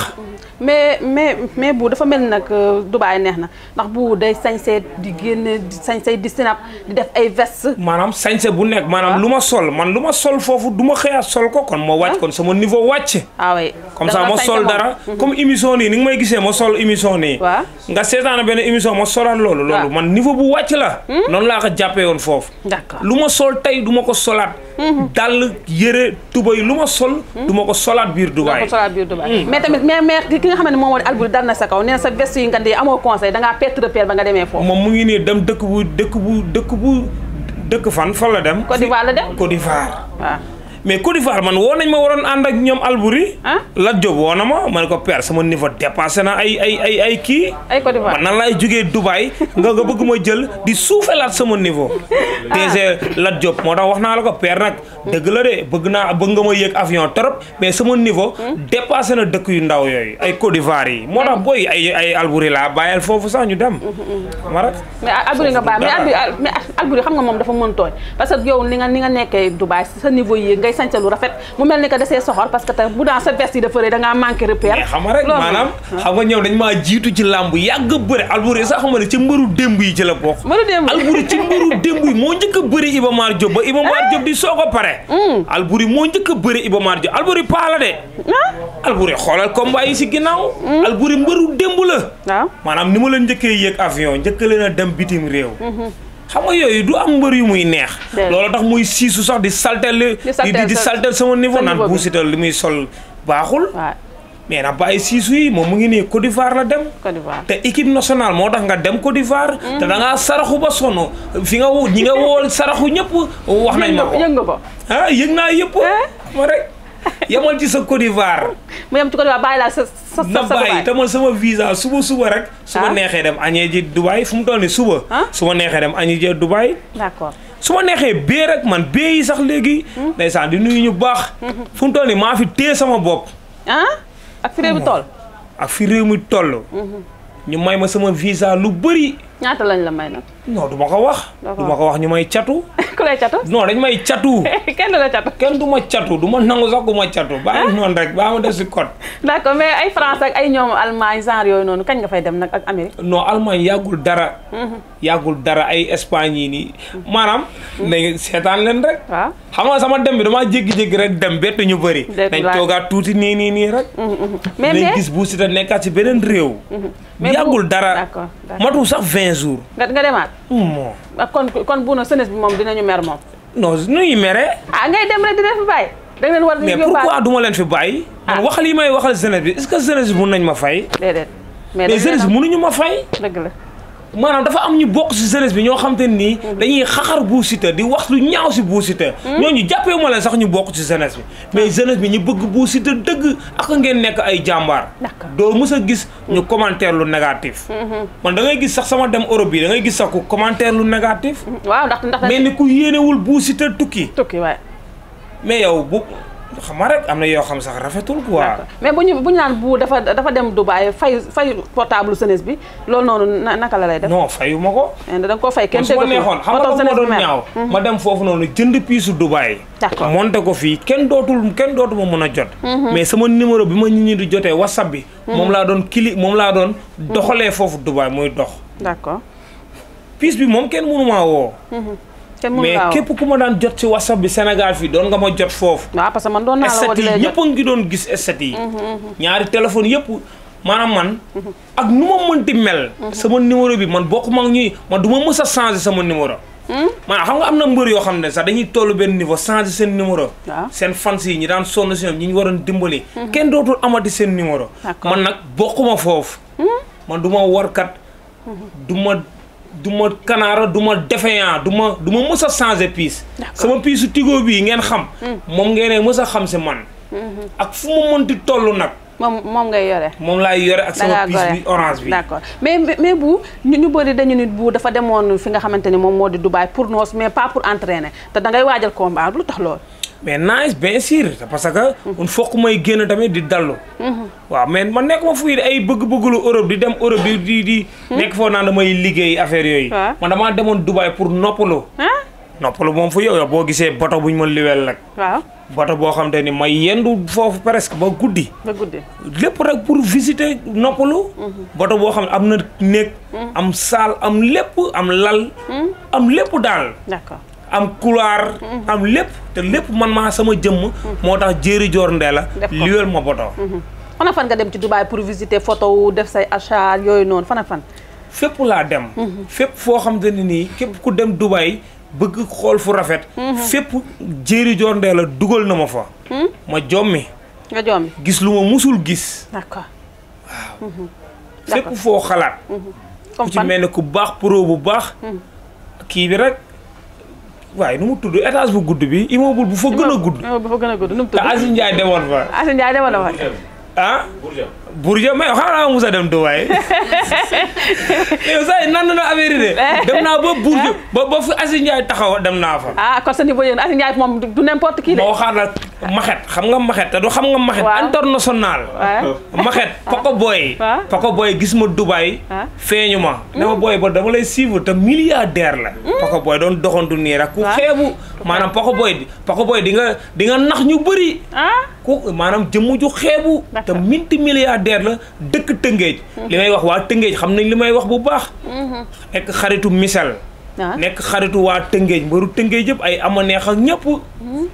S1: mais mais mais bu dafa mel nag euh, Dubaay neex na ndax bu day sañse di génne di sañse di sinap di def ay veste
S3: maanaam sañse bu nekk maanaam lu ma sol man lu ma sol foofu du ma xëyaat sol ko kon ma wàcc ah. kon sama niveau wàcc. ah comme ça ma sol dara. Mhm. comme émission nii ni nga may gisee ma sol émission nii. nga seetaan benn émission ma solaat loolu. loolu man niveau bu wàcc la. Hmm? noonu laa ko jàppee woon foofu. d'accord lu ma sol tey du ma ko solaat. Mhm. dàll yëre tubay lu ma sol. Hmm? du ma ko solaat
S1: doo mm. mais tamit mais mais ki nga xam ne moom moo di dal na sa kaw nee na sa veste yi nga dee amoo conseil dangaa perte repère ba nga demee foofu
S3: moom mu ngi nii dem dëkk bu dëkk bu dëkk fan fan la dem Côte
S1: d'Ivoire la dem Côte d'Ivoire waaw ah.
S3: mais Côte d'Ivoire man woo nañ ma waroon ànd ak ñoom Albouri. Ah? la job woo na ma ma ne sama niveau dépassé na ay ay ay kii.
S1: ay Côte laay
S3: jugee Dubaay nga nga bëgg ma jël di suufelaat sama niveau. Ah. la job moo tax wax naa la ko père nag. dëgg la de bëgg naa bëgg ma yéeg avion trop mais sama niveau. Hmm? dépassé na dëkk yu ndaw yooyu ay Côte yi. moo tax ah. booy ay ay Albouri laa bàyyil foofu sax ñu dem. Hmm, hmm, mara
S1: mais Albouri nga bàyyi mais Albouri xam nga moom dafa mën tooñ que yow ni nga nekkee Dubaay sa niveau yi ngay sañse lu rafet mu mel ni que dasee soxor parce que tamit bu daan sa veste yi dafa rëy da ngaa manqué repère xam nga rek maanaam
S3: xam nga ñëw dañ maa jiitu ci làmb yàgg a bëri Alboury sax xam nga ci mbëru démb yi ci la bokk mbëru démb Alboury ci moo njëkk a bëri Iba Mar Diop ba Iba Mar ah. Diop di soog a pare hmm. moo njëkk a bëri Iba Mar Diop Alboury paa de ah. Alboury xoolal comme yi si ginnaaw hmm. Alboury mbëru démb la ah. maanaam ni ma leen njëkkee yéeg avion njëkk leen a dem bitim réew hmm, xam nga yooyu du am mbër yu muy neex. loolu tax muy siisu sax di saltel di di saltel sama niveau naan buusita li muy sol baaxul. mais na bàyyi siisu yi moom mu ngi nii Côte d'Ivoire la dem. Côte d'Ivoire te équipe nationale moo tax nga dem Côte d'Ivoire. Mm. te da ngaa saraxu ba sonn fi nga ñi nga wool saraxu ñëpp. wax nañ ma ko nga ba ah yëg naa yëpp eh? ma rek. yamal ci sa Côte d'Ivoire.
S1: mu yem ci Côte d'Ivoire bàyyi laa sa sa sa Dubaï na bàyyi te man
S3: sama visa suba suba rek. su ma ah. neexee dem añee ji Dubaï fu mu toll nii suba. Ah. su ma neexee dem añee ji Dubaï. d'accord su ma neexee bee rek man bee yi sax léegi. Hmm? ndeysaan di nuyu ñu baax. fu mu toll nii maa fi tée sama bopp.
S1: ah ak fi réew mi
S3: hmm. toll. ak hmm. ñu may ma sama visa lu bëri.
S1: ñaata lañ la may nag.
S3: non du ma ko wax. du ma ko wax ñu may catu. ku lay catu. non dañ may catu. kenn du la catu. kenn du ma catu du ma nangu sax ku ma catu. bàyyi noonu rek ba ma def si code.
S1: d' accord mais ay France ak ay ñoom Allemagne yooyu noonu kañ nga fay dem nag ak Amérique.
S3: non Allemagne yàggul dara. Mhm. yàggul dara ay Espagne yi nii. Mhm. maanaam. nañ mhm. seetaan leen rek. xam nga sama dem bi damaa jékki-jékki rek dem bett ñu bëri. dañ toogaat tuuti nii nii nii rek. mais mais gis bu si te nekkaat si beneen réew.
S1: yàggul dara
S3: matu sax quinze jours. nga nga demaat. moom.
S1: Ah, kon kon bu na sënes bi moom dinañu mer moom.
S3: non nu mere.
S1: ah ngay dem rek dina fi bàyyi. da leen war a mais pourquoi
S3: du ma leen fi bàyyi. Ah. man waxal yi may waxal jeunesse bi est-ce que jeunesse bi mun nañ ma fay.
S1: déedéet mais jeunesse bi munuñu ma fay. dëgg la.
S3: maanaam dafa am ñu bokk si jeunesse bi ñoo xam te nii mhm. dañuy xaxar Bou Siteu di wax lu ñaaw si Bou mhm. ñoo ñu jàppee ma leen sax ñu bokk ci jeunesse bi mais ah. jeunesse bi ñu bëgg Bou Siteu dëgg ak ngeen nekk ay jàmbaar doo mës a gis ñu commentaire lu négatif mhm. man da ngay gis sax sama dem Europe bi da ngay gis sax ku commentaire lu
S1: négatif waaw ndax ndax mel ni
S3: ku yéenewul Bou Siteu tukki tukki waay mais yow bu xam nga rek am na yoo xam sax rafetul quoi.
S1: mais bu ñu bu ñu naan bu dafa dafa dem Dubaay fay fay portable jeunesse bi loolu noonu naka la lay def. non fayu ma ko. Eh, da nga koo fay kenn déggu ko neexoon xam nga moo mhm. ma dem
S3: foofu noonu jënd piisu Dubaay. d'accord monte ko fii kenn dootul kenn dootuma mën a jot. Mhm. mais sama numéro bi ma nit ñi di jotee whatsapp bi. Mhm. moom laa doon kili moom laa doon. doxalee foofu Dubaay muy dox. d'accord piis bi moom kenn mënu maa
S2: mais képp
S3: ku ma daan jot ci whatsapp bi Sénégal fii doon nga ma jot foofu. waaw parce que man doon naa la gis estat yi. Mm-hmm, mm-hmm. ñaari téléphone yëpp maanaam man. Mm-hmm. ak nu ma mënti mel. sama numéro bi man bokkuma ak ñuy man duma ma mës a changé sama numéro. Hmm? maanaam xam nga am na mbër yoo xam ne sax dañuy toll benn niveau changé seen numéro. seen fans yi ñi daan sonn si ñoom ñi ñu waroon dimbali. kenn dootul amati seen numéro. man nag bokkuma foofu. Hmm? man du ma warkat du du ma kanaara du ma défaillant du ma du ma mës a changé piis sama piisu Tigo bii ngeen xam hmm. moom ngeen mës a xam si man
S1: hmm. ak fu ma mënti toll nag moom moom ngay yore. moom laay yore ak sama piis bi orange bi. d'accord mais mais bu ñu bëri dañu nit bu dafa demoon fi nga xamante ni moom moo di Dubaï pour noos mais pas pour entraîner te da ngay waajal combat lu tax loolu.
S3: mais nice bien sûr parce que. un fokk may génn tamit di dallu. waaw mais man nekkuma fuy ay bëgg-bëgglu Europe di dem Europe di di di. nekk foo naan damay liggéey affaire yooyu. man damaa demoon Dubaay pour noppalu. noppalu moom fu yow boo gisee boto bu ñu ma liweel nag. boto boo xam te ni may yendu foofu presque ba guddi. ba guddi lépp rek pour visiter noppalu. Mhm. boto boo xam ne am na néeg. Mhm. am saal am lépp am lal. Mhm. am lépp daal. d'accord. am couloir. am lépp te lépp man maa sama jëmm. moo tax jéeri joor ndee la. liwel ma boto.
S1: fan nga dem ci Dubaay pour visiter photo wu def say achat yooyu noonu fan ak fan.
S3: fépp laa dem. Mhm. fépp foo xam ne nii képp ku dem Dubaay bëgg xool fu rafet. Mhm. fépp jéeri joor ndee la dugal na ma fa. Hmm? ma jommi. nga jommi gis lu ma musul gis.
S1: d'accord mhm.
S3: fépp foo xalaat. ku ci mel ne ku baax pro bu baax. Hmm. kii bi rek. waaye nu mu tudd étage bu gudd bi immeuble bu fa gën a gudd.
S1: immeuble bu fa gën a gudd nu mu tudd. te fa. Aziz
S3: Ndiaye na fa. ah. Bourdieu mais xanaa Moussa dem Dubaay
S1: yow saa yi nan na affaire yi de dem naa ba Bourdieu
S3: ba ba fi Asi Ndiaye taxaw dem naa fa.
S1: ah kon sa niveau yéen Asi Ndiaye moom du n'importe
S3: xam nga maxet te du xam nga maxet. international. maxet pako booy. pako booy gis ma Dubaay. feeñu ma. dama mm. booy ba dama lay suivre te milliardaire la. Mm. pako booy doon doxantu nii rek. ku xeebu maanaam pako booy pako booy di nga di nga nax ñu bëri. Ah. ku maanaam jëmm ju xeebu. te minti milliardaire milliardaire la dëkk Tëngéej. li may wax waa Tëngéej xam nañ li may wax bu baax. Mhm. nekk xaritu Michel. Ah. nekk xaritu waa Tëngéej mbaru Tëngéej yëpp ay am a neex ak ñëpp. Mhm.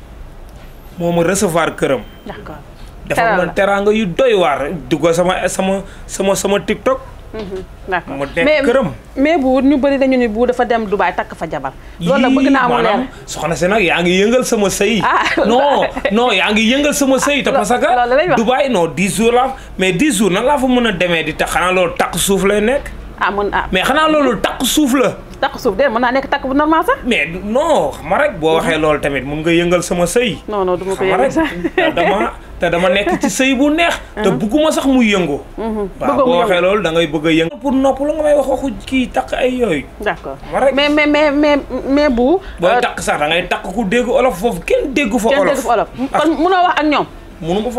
S3: moo ma recevoir këram.
S1: d'accord dafa mën
S3: teraanga yu doy waar. dugg sama sama sama sama TikTok. Mm-hmm. d'accord mu nekk këram.
S1: mais bu ñu bëri dañu ni bu dafa dem Dubaay takk fa jabar. loolu nag bëgg naa mu leer
S3: soxna si nag yaa ngi yëngal sama sëy. Ah, non non yaa ngi yëngal sama sëy. te ah, parce que Dubaay non 10 jours la mais 10 jours nan laa fa mën a demee di tax xanaa loolu takk suuf lay nekk.
S1: ah mën ah mais xanaa loolu
S3: takk suuf la.
S1: takk suuf de mën naa nekk takk bu normal sax. mais non xam nga rek boo waxee
S3: loolu tamit mun nga yëngal sama sëy.
S1: non non du ma ko yëngal sax dama
S3: te dama nekk ci bu neex. te uh-huh. bugguma sax muy yëngu.
S1: Uh-huh. bëgg boo waxee
S3: loolu da ngay bëgg a yëngu. pour nopp la nga may wax waxu kii takk ay yooyu.
S1: d'accord mais mais mais mais mais bu. booy
S3: euh, takk sax da ngay takk ku dégg olof foofu kenn déggu fa. olof kenn déggu fa olof ah. kon
S1: munoo wax ak ñoom.
S3: munu ko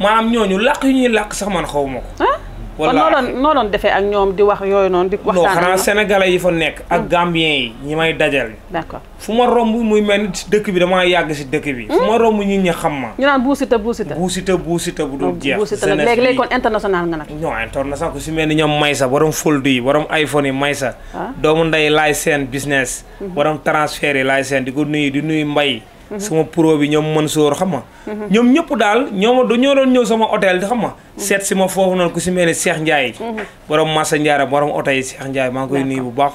S3: fa ñoo ñu làkk yu ñuy làq sax man xaw ma ko. Ah? kon noo doon
S1: noo doon defee ak ñoom di wax yooyu noonu di waxtaan non
S3: xanaa yi fa nekk ak mm. gambien yi ñi may dajal d'accord fu ma romb muy mel ni dëkk bi damaa yàgg si dëkk bi fu ma mm. romb ñi ñi xam ma
S1: ñu naan buusita buusita buusita buusita bu dul oh, jeex léegi léegi kon international nga nag non
S3: international ku si mel ni ñoom Maysa borom foldu yi borom iPhone yi Maysa ah. doomu nday laay seen business mm-hmm. borom transfert yi laay seen di ko nuyu di nuyu mbay sama pro bi ñoom Mansour xam ma ñoom ñëpp daal ñooma dañoo doon ñëw sama hôtel xam ma seet si ma foofu noonu ku si mel ne Cheikh Ndiaye borom Massa Ndiaye borom oto yi Cheikh Ndiaye maa ngi koy nuyu bu baax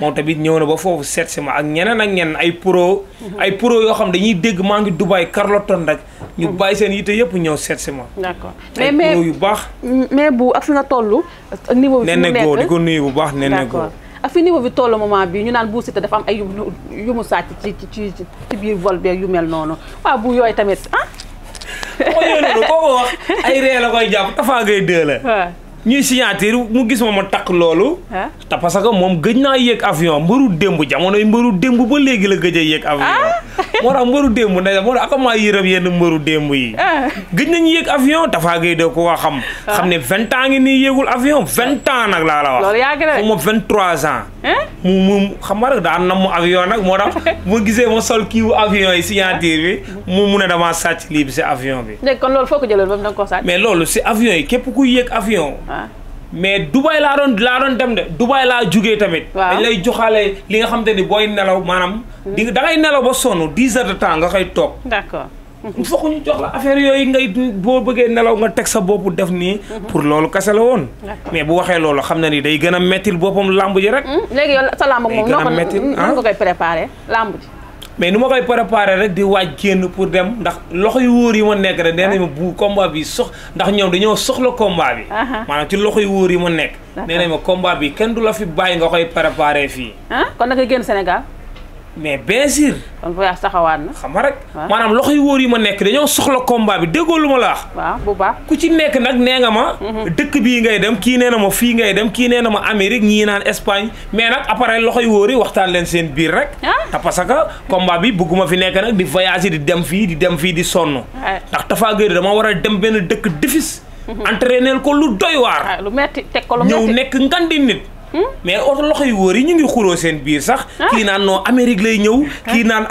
S3: moom tamit ñëw na ba foofu seet si ma ak ñeneen ak ñeneen ay pro ay pro yoo xam dañuy dégg maa ngi Dubaay Carlotton rek ñu bàyyi seen yitte yëpp ñëw seet si ma d'accord ay pro yu baax
S1: mais bu ak fi nga toll niveau bi nekk di ko nuyu bu baax nee na ak fi niveau bi tollu moment bi ñu naan Bou Siteu dafa am ay yu mu sàcc ci ci ci biir vol beeg yu mel noonu waaw bu yooyu tamit ah.
S2: boo ay ree la
S3: koy jàpp Tafa Gueye 2 la. ñuy signature mu gis ma ma takk loolu. te parce que moom gëj naa yéeg avion mbëru démb jamonoy mbëru démb ba léegi la gëj a yéeg avion. Ah! moo tax mbëru démb ne moo tax akamaa yërëm yenn mbëru démb yi. Ah! gëj nañu yéeg avion dafaa ngay doo ko xam. Ah. xam ne vingt ans ngi nii yéegul avion vingt ans nag laa la wax. moom vingt trois ans. mu mu xam nga rek daan na mu avion nag moo tax bu gisee ma sol kii wu avion yi signature bi mu mun a damaa sàcc lii bi si avion bi.
S1: léegi kon loolu foo ko jëloon ba mu doon ko sàcc. mais
S3: loolu si avion yi képp ku yéeg avion. mais Dubaay laa doon laa doon dem de Dubaay laa jóge tamit. dañ lay joxaale li nga xam ni booy nelaw maanaam. Hmm. di da ngay nelaw ba sonn dix heures de temps nga koy toog.
S2: d'accord. Hmm.
S3: il faut que ñu jox la affaire yooyu ngay boo bëggee nelaw nga teg sa bopp def nii. Hmm. pour loolu kase la woon. mais bu waxee loolu xam ne nii day gën a mettil boppam làmb ji rek.
S1: léegi yow sa làmb moom noo ko noo koy ah. préparé làmb ji.
S3: mais nu ma koy préparé rek di waaj génn pour dem ndax loxo yu wóor yi ma nekk rek nee nañ ma bu combat bi sox ndax ñoom dañoo soxla combat bi maanaam ci loxo yu wóor yi ma nekk nee nañ ma combat bi kenn du la fi bàyyi nga koy préparé fii
S1: ah, kon nag ngay génn Sénégal
S3: mais bien sûr.
S1: kon voyage xam nga rek. maanaam loxo yi
S3: wóor yi ma nekk dañoo soxla combat bi déggoo lu ma la wax. bu baax ku ci nekk nag nee nga ma. Mhm. dëkk bii ngay dem kii nee na ma fii ngay dem kii nee na ma Amérique ñii naan Espagne mais nag après loxo yu wóor yi waxtaan leen seen biir rek. Ah. te parce que combat bi bëgguma fi nekk nag di voyage di dem fii di dem fii di sonn. ndax Tapha Gueye dama war a dem benn dëkk difficile. Mhm. entraîner ko lu doy waar.
S1: Ah, lu metti teg ñëw nekk
S3: ngandi nit. mais oto loxo yu wóor yi ñu ngi xuroo seen biir sax. Ah. kii naan noo Amérique lay ñëw. Ah. kii naan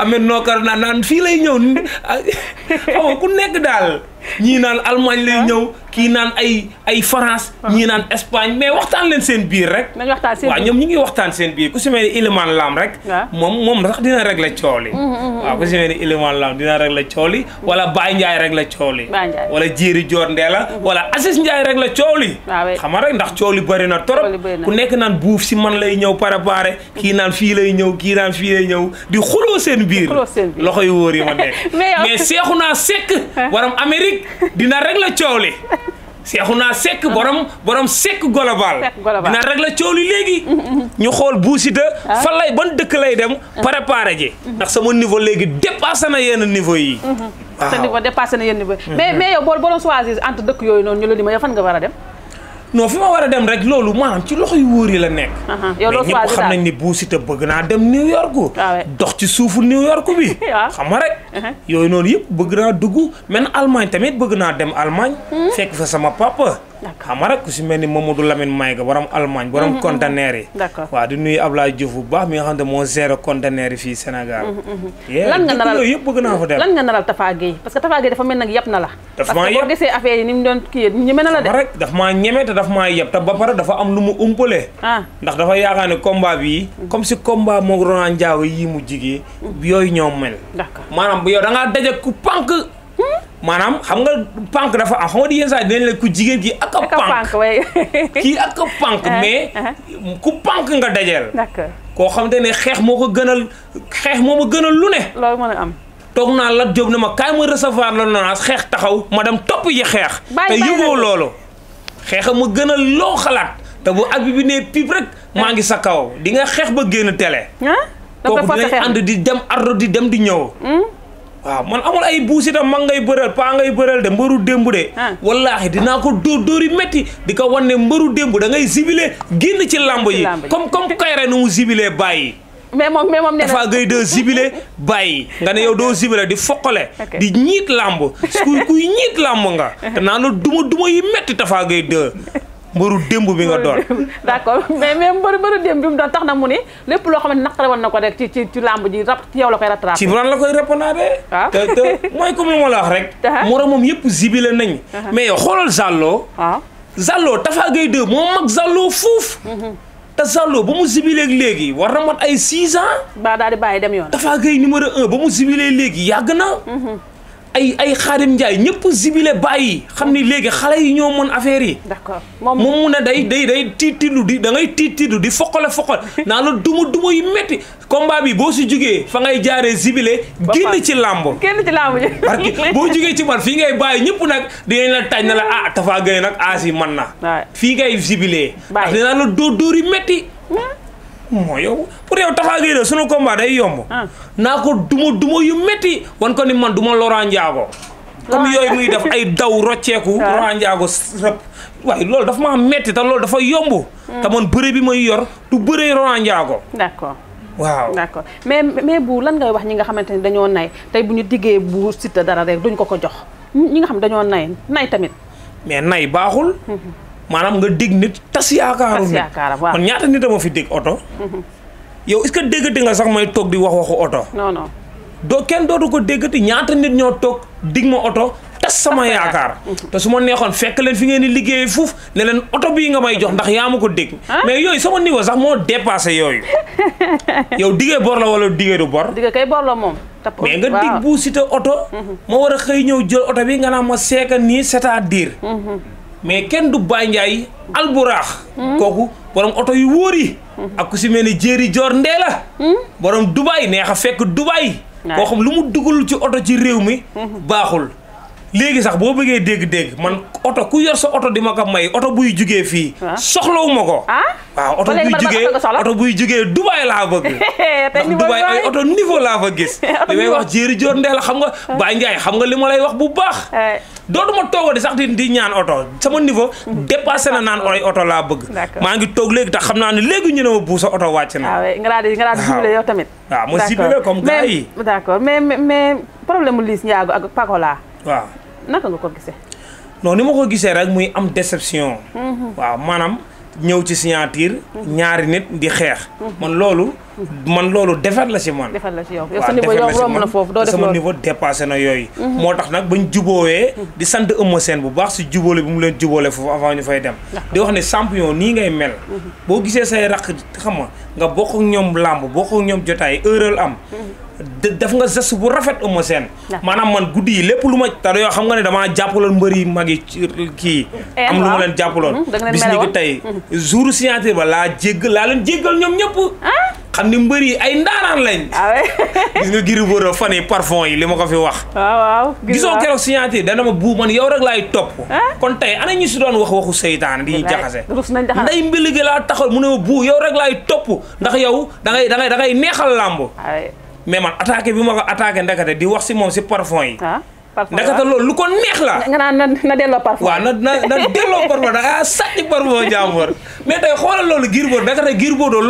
S3: amee noo kar naan fii lay ñëw xaw ku nekk daal. ñii naan Allemagne lay ah. ñëw kii naan ay ay France ah. ñii naan Espagne mais waxtaan leen seen biir rek
S1: waaw ñoom
S3: ñi ngi waxtaan seen biir ku si mel ni Iliman Lam rek ah. moom moom sax dina la coow li mm-hmm, mm-hmm. waaw ku si mel ni Iliman Lam dina régler coow li wala Baye Ndiaye régler coow li wala Jéeri Joor Ndeela mm-hmm. wala Assis rek la coow li xam nga rek ndax coow li bëri na trop ku nekk naan buuf si man lay ñëw préparé kii naan fii lay ñëw kii naan fii lay ñëw di xuloo seen biir loxo yu wóor yi ma nekk mais li dina rek la coow li naa Sekk borom borom Sekk Global dina rek la coow li léegi ñu xool Bou Siteu ah. fan lay ban dëkk lay dem ah. préparé ji ndax sama niveau léegi dépassé na yenn niveau yi
S1: mhm. sa niveau dépassé na yenn mais mais yow boo borom choisir entre dëkk yooyu noonu ñu la ni ma yow fan nga war a dem
S3: non fi ma war a dem rek loolu maanaam ci loxo yu wóor yi la nekk.
S1: Uh-huh. yow loolu ñëpp xam nañ
S3: ne Bou Siteu bëgg naa dem New York. Ah dox ci suufu New York bi. xam nga rek. Uh-huh. yooyu noonu yëpp bëgg naa dugg. même Allemagne tamit bëgg naa dem Allemagne. Hmm. fekk fa sama papa. xam nga rek ku si mel ni Mamadou Lamine Maïga borom Allemagne borom mm-hmm, conteneur yi mm-hmm. waaw di nuyu Ablaye Diouf bu baax mi nga xam ne moo géré conteneur yi fii Sénégal
S1: mm-hmm, lan nga naral yëpp bëgg naa fa def lan nga naral parce que Tafa Gueye dafa mel nag yàpp na la daf maa yëpp boo gisee affaire doon kii ñeme na la de rek
S3: daf maa ñeme te daf maa yëpp te ba pare dafa am lu mu umpalee ah. ndax dafa yaakaar ne combat bi comme si combat moo Roland Ndiago yi mu jigee yooyu ñoo mel maanaam bu yow da daje ku pànk hmm? maanaam xam nga pànk dafa am xam nga di yenn saa dinañ la ku jigéen kii ak a pànk
S1: kii ak a
S3: pànk ah, mais ah. ku pànk nga dajeel koo xam ne xeex moo ko gënal xeex moo ma gënal lu ne loolu mën a am toog naa Lat Diop ne ma kaay ma recevoir la nonaas xeex taxaw ma dem topp ji xeex te yëgoo loolu xeexa ma gënal loo xalaat te ak bi bi nee pip rek ah. maa ngi sa kaw di nga xeex ba génn télé kooku dinañ ànd di dem ardo di dem di ñëw hmm? waaw man amul ay buusita man ngay bëral paa ngay bëral de mbëru démb de ah. wallaahi dinaa ko dóor dóori métti di ko wan ne mbëru démb da ngay zibile génn ci lamb yi comme comme kayre nu mu zibilee bàyyi
S1: mais moom mais moom nee na
S3: dafa zibile bàyyi nga ne yow doo zibile di foqale di ñiit lamb kuy kuy ñiit lamb nga te naa la duma duma yi métti dafa gëy doo mbëru démb bi nga doon
S1: accord mais mais mbëru tax na mu ni lépp loo xamante naqare woon na ko rek ci ci ci làmb ji rap ci yow la koy rattrapé ci ran la koy répondre
S3: waaw ah. te te mooy comme lu ma la wax rek ah. moromam yëpp zibile nañ ah. mais yow xoolal Zallo waaw Zallo Tafa Gueye 2 moo mag Zallo fuuf mhm. te Zallo ba mu zibileeg léegi war na mot ay 6 ans ba daal di bàyyi dem yoon Tafa Gueye numéro 1 ba mu zibilee léegi yàgg na mhm. ay ay Xaadim Njaay ñëpp sibile bàyyi xam ni léegi xale yi ñoo mën affaire yi.
S1: d'accord moom mun
S3: na day day day tiitilu di da ngay tiitilu di foqale foqal naa la duma duma yu métti combat bi boo si jógee fa ngay jaaree sibile. génn ci làmb.
S1: génn ci parce que boo jugee
S3: ci man fii ngay bàyyi ñëpp nag dinañ la tàj na la ah Tafa Gueye nag aas yi mën na. fii ngay sibilee. bàyyi dinaa la dóor dóor yu métti. Hmm. moo yow pour yow Tapha Gueye la sunu combat day yomb. Ah. naa ko duma duma yu métti wan ko ni man duma Laurent Ndiago. Ah.
S1: comme yooyu muy def ay
S3: daw rocceeku. waaw ah. Laurent Ndiago waaye loolu dafa maa métti te loolu dafa yomb. Hmm. te man bëre bi may yor du bëree Laurent Ndiago. d'accord. waaw d'accord
S1: mais mais bu lan ngay wax ñi nga xamante ni dañoo nay tey bu ñu diggee bu Siteu dara rek duñ ko ko jox ñi nga xam dañoo nay nay tamit.
S3: mais nay baaxul. Hmm, hmm. maanaam nga dig nit tas yaakaaru nit man ñaata nit a ma fi dig oto mhm. yow est-ce que déggati nga sax may toog di wax waxu oto non non doo kenn dootu ko déggati ñaata nit ñoo toog dig ma oto tas sama yaakaar mhm. te su ma neexoon fekk leen fi ngeen di liggéeyee fuuf ne leen oto bii nga may jox ndax yaa ma ko dégg ah? mais yooyu sama niveau sax moo dépassé yooyu
S1: yow diggee bor la
S3: wala diggee du bor
S1: diggee kay bor la moom
S3: mais nga dig bu sita
S1: oto ma mhm.
S3: war a xëy ñëw jël oto bi nga naa ma seeka nii c'est-à-dire mais kenn du Baye Ndiaye alburaax kooku borom oto yu wóor yi ak ku si mel ni jéeri joor ndee la borom Dubaay neex a fekk Dubaay koo xam lu mu dugul ci oto ci réew mi
S2: mhm. baaxul
S3: léegi sax boo bëggee dégg-dégg man oto ku yor sa oto di ma ko may oto buy jugee fii.
S1: Ah. soxlawu ma ko. Ah?
S3: waaw oto buy jugee oto buy jugee Dubaay laa bëgg.
S1: te Dubaay ay oto
S3: niveau laa fa gis. li may wax jéeri joor ndee la xam nga. Ah. Baye Ndiaye xam nga li ma lay wax bu baax. Eh. dootuma toog di sax di di ñaan oto sama niveau. Mm. dépassé na naan ay oto laa bëgg. maa ngi toog léegi tax xam naa ne léegi ñu ne ma bu sa oto wàcc na. waaw nga daal di nga daal yow tamit. waaw ma ciblé comme gars yi.
S1: d'accord mais mais problème mu Liss Ndiago ak waaw naka nga ko gisee.
S3: non ni ma ko gisee rek muy am déception. Mhm. waaw maanaam ñëw ci signature. Mhm. ñaari nit di xeex. Mhm. man loolu. man loolu defar la si man.
S1: la si yow yow sa niveau yow romb na doo def sama
S3: niveau dépassé na yooyu. moo tax nag bañ jubóowee. di sant Eumeu seen bu baax si jubóole bi mu leen jubóole foofu avant ñu fay dem. di wax ne champion nii ngay mel. boo gisee say raq xam nga nga bokk ak ñoom làmb bokk ak ñoom jotaay heure am. def nga geste bu rafet Eumeu Sène maanaam man guddi yi lépp lu ma te yoo xam nga ne damaa jàppaloon mbëri mag yi kii eh, am lu ma leen jàppaloon mhm, bis ni ki tey mhm. jour signature ba laa jéggal laa leen jéggal ñoom ñëpp ah? xam ni mbër yi ay ndaanaan lañ ah gis nga giri bër fan yi parfum yi li ma ko fi wax
S2: waaw waaw gisoo keroog
S3: signature dana ma buu man yow rek laay topp ah? kon tey ana ñu si doon wax waxu seytaan di ñu jaxase nday mbiligi laa taxal mu ne ma buu yow rek laay topp ndax yow da ngay da ngay da mais man attaqué bi ma ko attaqué ndekete di wax si moom si parfum yi.
S1: Ah. parfum ndakata loolu lu ko neex la. nga naan na na delloo parfum. waaw na na na delloo parfum da ngaa sàcc
S3: parfum jàmbur xoolal loolu Gris Bordeaux ndakata Gris loolu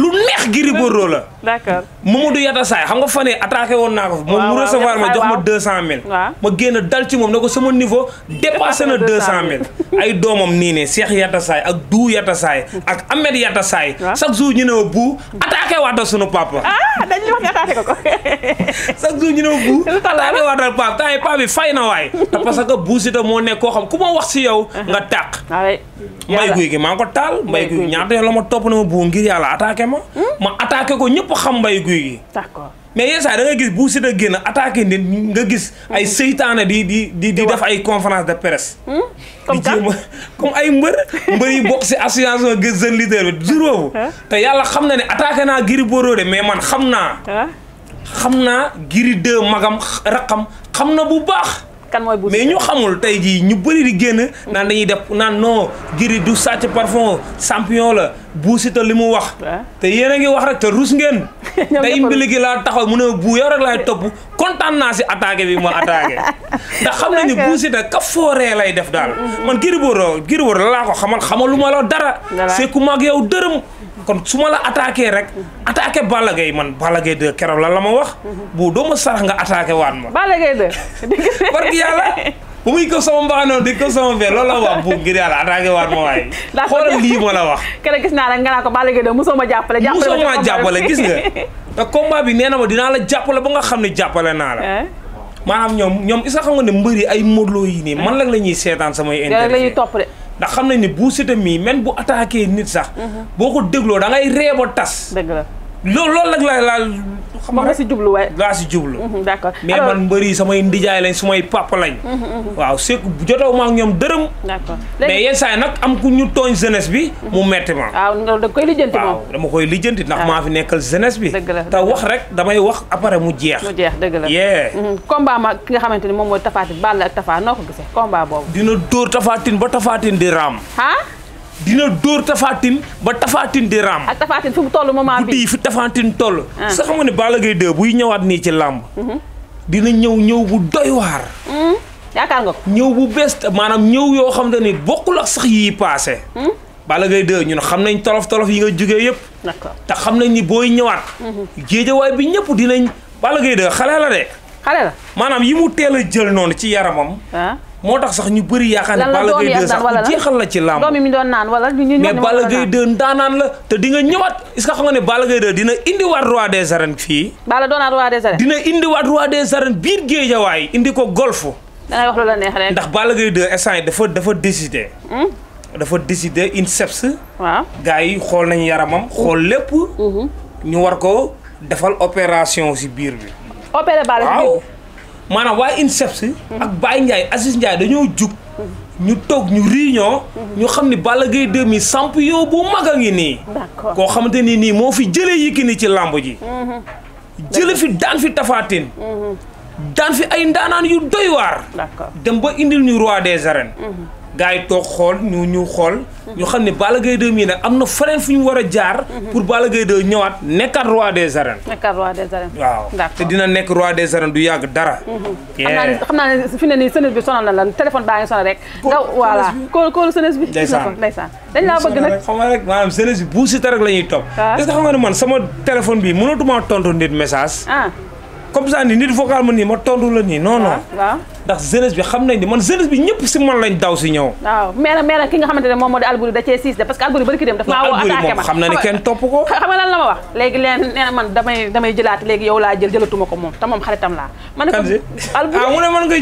S3: lu neex Gris Bordeaux la. d'accord Mamadou Yatta Saay xam nga fan attaqué woon naa ko. moom mu recevoir ma ma 200000. dal ci moom ne ko sama niveau dépassé na 200000. ay doomam nii ne Cheikh Yatta Saay ak Dou Yatta Saay ak Ahmed Yatta Saay. chaque jour ñu ne ma bu attaqué waata sunu papa. ah
S1: dañuy wax nga attaqué ko ko. chaque jour
S3: papa bi fay na waay te parce a Bou Siteu moo nekk koo xam ku ma wax si yow nga tàq mbay guy gi maa ngi ko taal mbay guy gi ñaata yoon la ma topp na ma bu ngir yàlla attaqué ma hmm? ma attaqué ko ñëpp xam mbay guy gi mais yenn saa da nga gis Bou Siteu génn attaqué nit nga gis hmm. ay seytaane di di di di def ay conférence de presse. Hmm? comme comme ay mbër. mbër yi bokk si association gis jeune leader bi jour boobu. te yàlla xam na ne attaqué naa Gris de mais man xam naa. xam naa giri dë magam raqam xam na bu baax. kan mooy mais ñu xamul tey jii ñu bëri di génn. naan dañuy def naan non giri du sàcc parfum champion la buusita li mu wax. te yéen a ngi wax rek te rus ngeen. tey mbili gi laa taxaw mu ne bu yow rek laay kontaan naa si attaqué bi ma attaqué. ndax xam na ne buusita ka fooree lay def daal. Mm-hmm. man giri booroo giri booroo la laa ko xamal lu ma la dara. dara ku mag yow dërëm. kon su ma la attaqué rek attaqué Balla Gaye man Balla Gaye 2 keroog lan la ma wax bu doo ma sarax nga attaqué waan ma
S1: Balla Gaye 2 barki yàlla
S3: bu muy ko sama mbaxanoon ma ko sama fee loolu la bu ngir yàlla attaqué waan ma waaye
S1: xoolal lii ma la wax keneen gis naa rek nga naa ko Balla Gaye 2 musoo ma jàppale musoo ma jàppale gis nga
S3: te combat bi nee na ma dinaa la jàppale ba nga xam ne jàppale naa la eh? maanaam ñoom ñoom isa xam nga ne mbëri ay modloo yi nii man lag la ñuy seetaan samay interview la ñuy topp ndax xam nañ ne bu Siteu mii même bu attaqué nit sax. Mhm. boo ko dégloo da ngay ree ba tas. dëgg la loolu lool nag laa laa xam nga si jublu waaye laa si jublu
S1: mhm, d'accord mais man
S3: mbëri samay ndijaay lañ sumay papa lañ mhm, mhm, waaw c'est que jotaw ma ak ñoom dërëm d'accord mais yenn saa nag am ku ñu tooñ jeunesse bi mu metti ma waaw ah, loolu da koy lijjanti moom dama koy lijjanti ndax ah. maa fi nekkal jeunesse bi te wax rek damay wax après mu jeex mu jeex dëgg la yee
S1: combat ma ki nga xamante ni moom mooy Tapha Tine Balla ak Tapha noo ko gisee combat boobu
S3: dina dóor Tapha ba Tapha Tine di raam dina dóor tafaatin ba tafaatin di raam.
S1: ak tafaatin fu mu toll moment bi
S3: fi tafaatin toll. Ah. sa xam nga ne Balla Gaye 2 buy ñëwaat nii ci làmb. Mhm. dina ñëw ñëw bu doy waar. Mhm. yaakaar nga ñëw bu bees maanaam ñëw yoo xam ne ni bokkul ak sax yii paase. Mhm. Balla Gaye 2 ñun xam nañ tolof tolof yi nga jógee yëpp. d'accord te xam nañ ni booy ñëwaat. géejawaay bi ñëpp dinañ. Balla Gaye 2 xale la de. xale la maanaam yi mu teel a jël noonu ci yaramam. Ah. moo tax sax ñu bëri yaakaar ne Balla Gaye 2 sax jeexal la ci làmb
S1: doom mi doon naan wala mais Balla Gaye 2
S3: ndaanaan la te di ñëwaat est-ce xam ne Balla Gaye 2 dina indiwaat roi des arènes fii
S1: Balla doonaat roi des arènes dina
S3: indiwaat roi des arènes biir géejawaay indi ko golf
S1: dangay wax la neex rek ndax
S3: Balla Gaye 2 instant yi dafa dafa décidé hmm? dafa décidé INSEPS waaw gars yi xool nañu yaramam xool lépp hmm. ñu war ko defal opération si biir bi
S1: opéré Balla
S3: maanaam waaye INSEPS. ak baay Ndiaye Aziz Ndiaye dañoo jug. ñu toog ñu réunion. ñu xam ni Balla Gaye samp champion bu mag a ngi nii. d'accord koo xamante ni nii moo fi jëlee Yékini ci làmb ji. Mhm. jële fi daan fi tafaatin. Mhm. daan fi ay ndaanaan yu doy waar. dem ba indil ñu roi des arènes. Mhm. gars yi toog xool ñu ñu xool. ñu xam ne Balla Gaye 2 mii nag am na feneen fu ñu war a jaar. Mhm. pour Balla Gaye 2 ñëwaat nekkaat roi des arènes.
S1: nekkaat roi des arènes. waaw te dina
S3: nekk roi des arènes du yàgg dara.
S1: Mhm. xam naa ne xam naa ne fi ne nii sënës bi sonal na la téléphone baa ngi sonal rek. nga voilà kóol kóolu sënës bi. ndeysaan ndeysaan dañ laa bëgg nag.
S3: xam nga rek maanaam sënës bi bu si rek la ñuy topp. waaw ah. est-ce que xam nga ne man sama téléphone bi mënatuma tontu nit message. Ah. comme ça ni nit vocal ma nii ma tontu la nii non non. ndax jeunesse bi xam nañ ni man jeunesse bi ñëpp si man lañ daw si ñëw.
S1: waaw mais mais ki nga xamante ne moom moo di Alboury da cee siis de parce que Alboury bari ki dem daf maa woo ne kenn topp ko. nga lan la ma léegi yow laa jël jëlatuma ko moom te moom xaritam laa. ma ne ko
S3: Alboury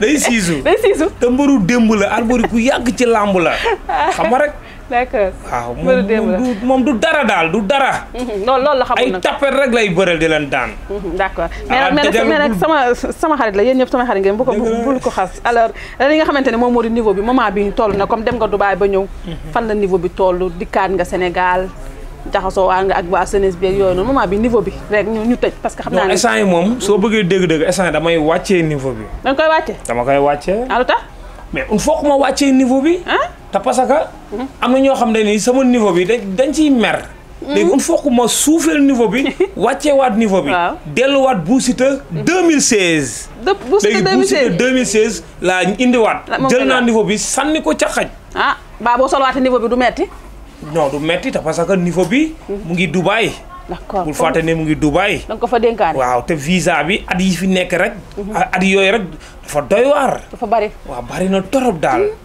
S3: day siisu. day siisu te mbaru la Alboury ku yàgg ci làmb la
S1: xam rek d'accord
S3: waaw moom du moom du dara daal du dara.
S1: loolu mm-hmm. loolu la xamul nag ay
S3: tapet rek lay bëral di leen daan.
S1: Mm-hmm, d'accord ah, mais nag mais nag sama sama xarit la yéen ñëpp sama xarit ngeen bu ko bul ko xas alors li nga xamante ne moom moo di niveau bi moment bi ñu toll na comme dem nga Dubaï ba ñëw. Mm-hmm. fan la niveau bi toll dikkaat nga Sénégal. jaxasoo waa nga ak waa jeunesse bi yooyu noonu moment bi niveau bi rek ñu ñu tëj parce que xam naa ne. non instant yi
S3: moom soo bëggee dégg-dégg instant yi damay wàccee niveau bi. da nga koy wàccee. dama koy wàccee. ah mais un faut que ma wàccee niveau bi. te parce que. am na ñoo xam ne nii sama niveau bi dañ ciy mer. Mmh. léegi il faut ma suufeel niveau bi wàcceewaat niveau bi. waaw delluwaat buusita 2016. Mmh.
S1: dë buusita 2016 léegi buusita
S3: 2016 laa indiwaat. Ah, jël naa niveau bi sànni ko ca xaj.
S1: ah ba boo solwaatee niveau bi du metti
S3: non du metti te parce que niveau bi. Mmh. mu ngi Dubaay.
S1: d'accord bul fàtte
S3: ne mu ngi Dubaay. donc ko fa dénkaane. waaw te visa bi at yi fi nekk rek. at yooyu rek. dafa doy waar.
S1: dafa bari waaw
S3: bari na torop daal. Hmm?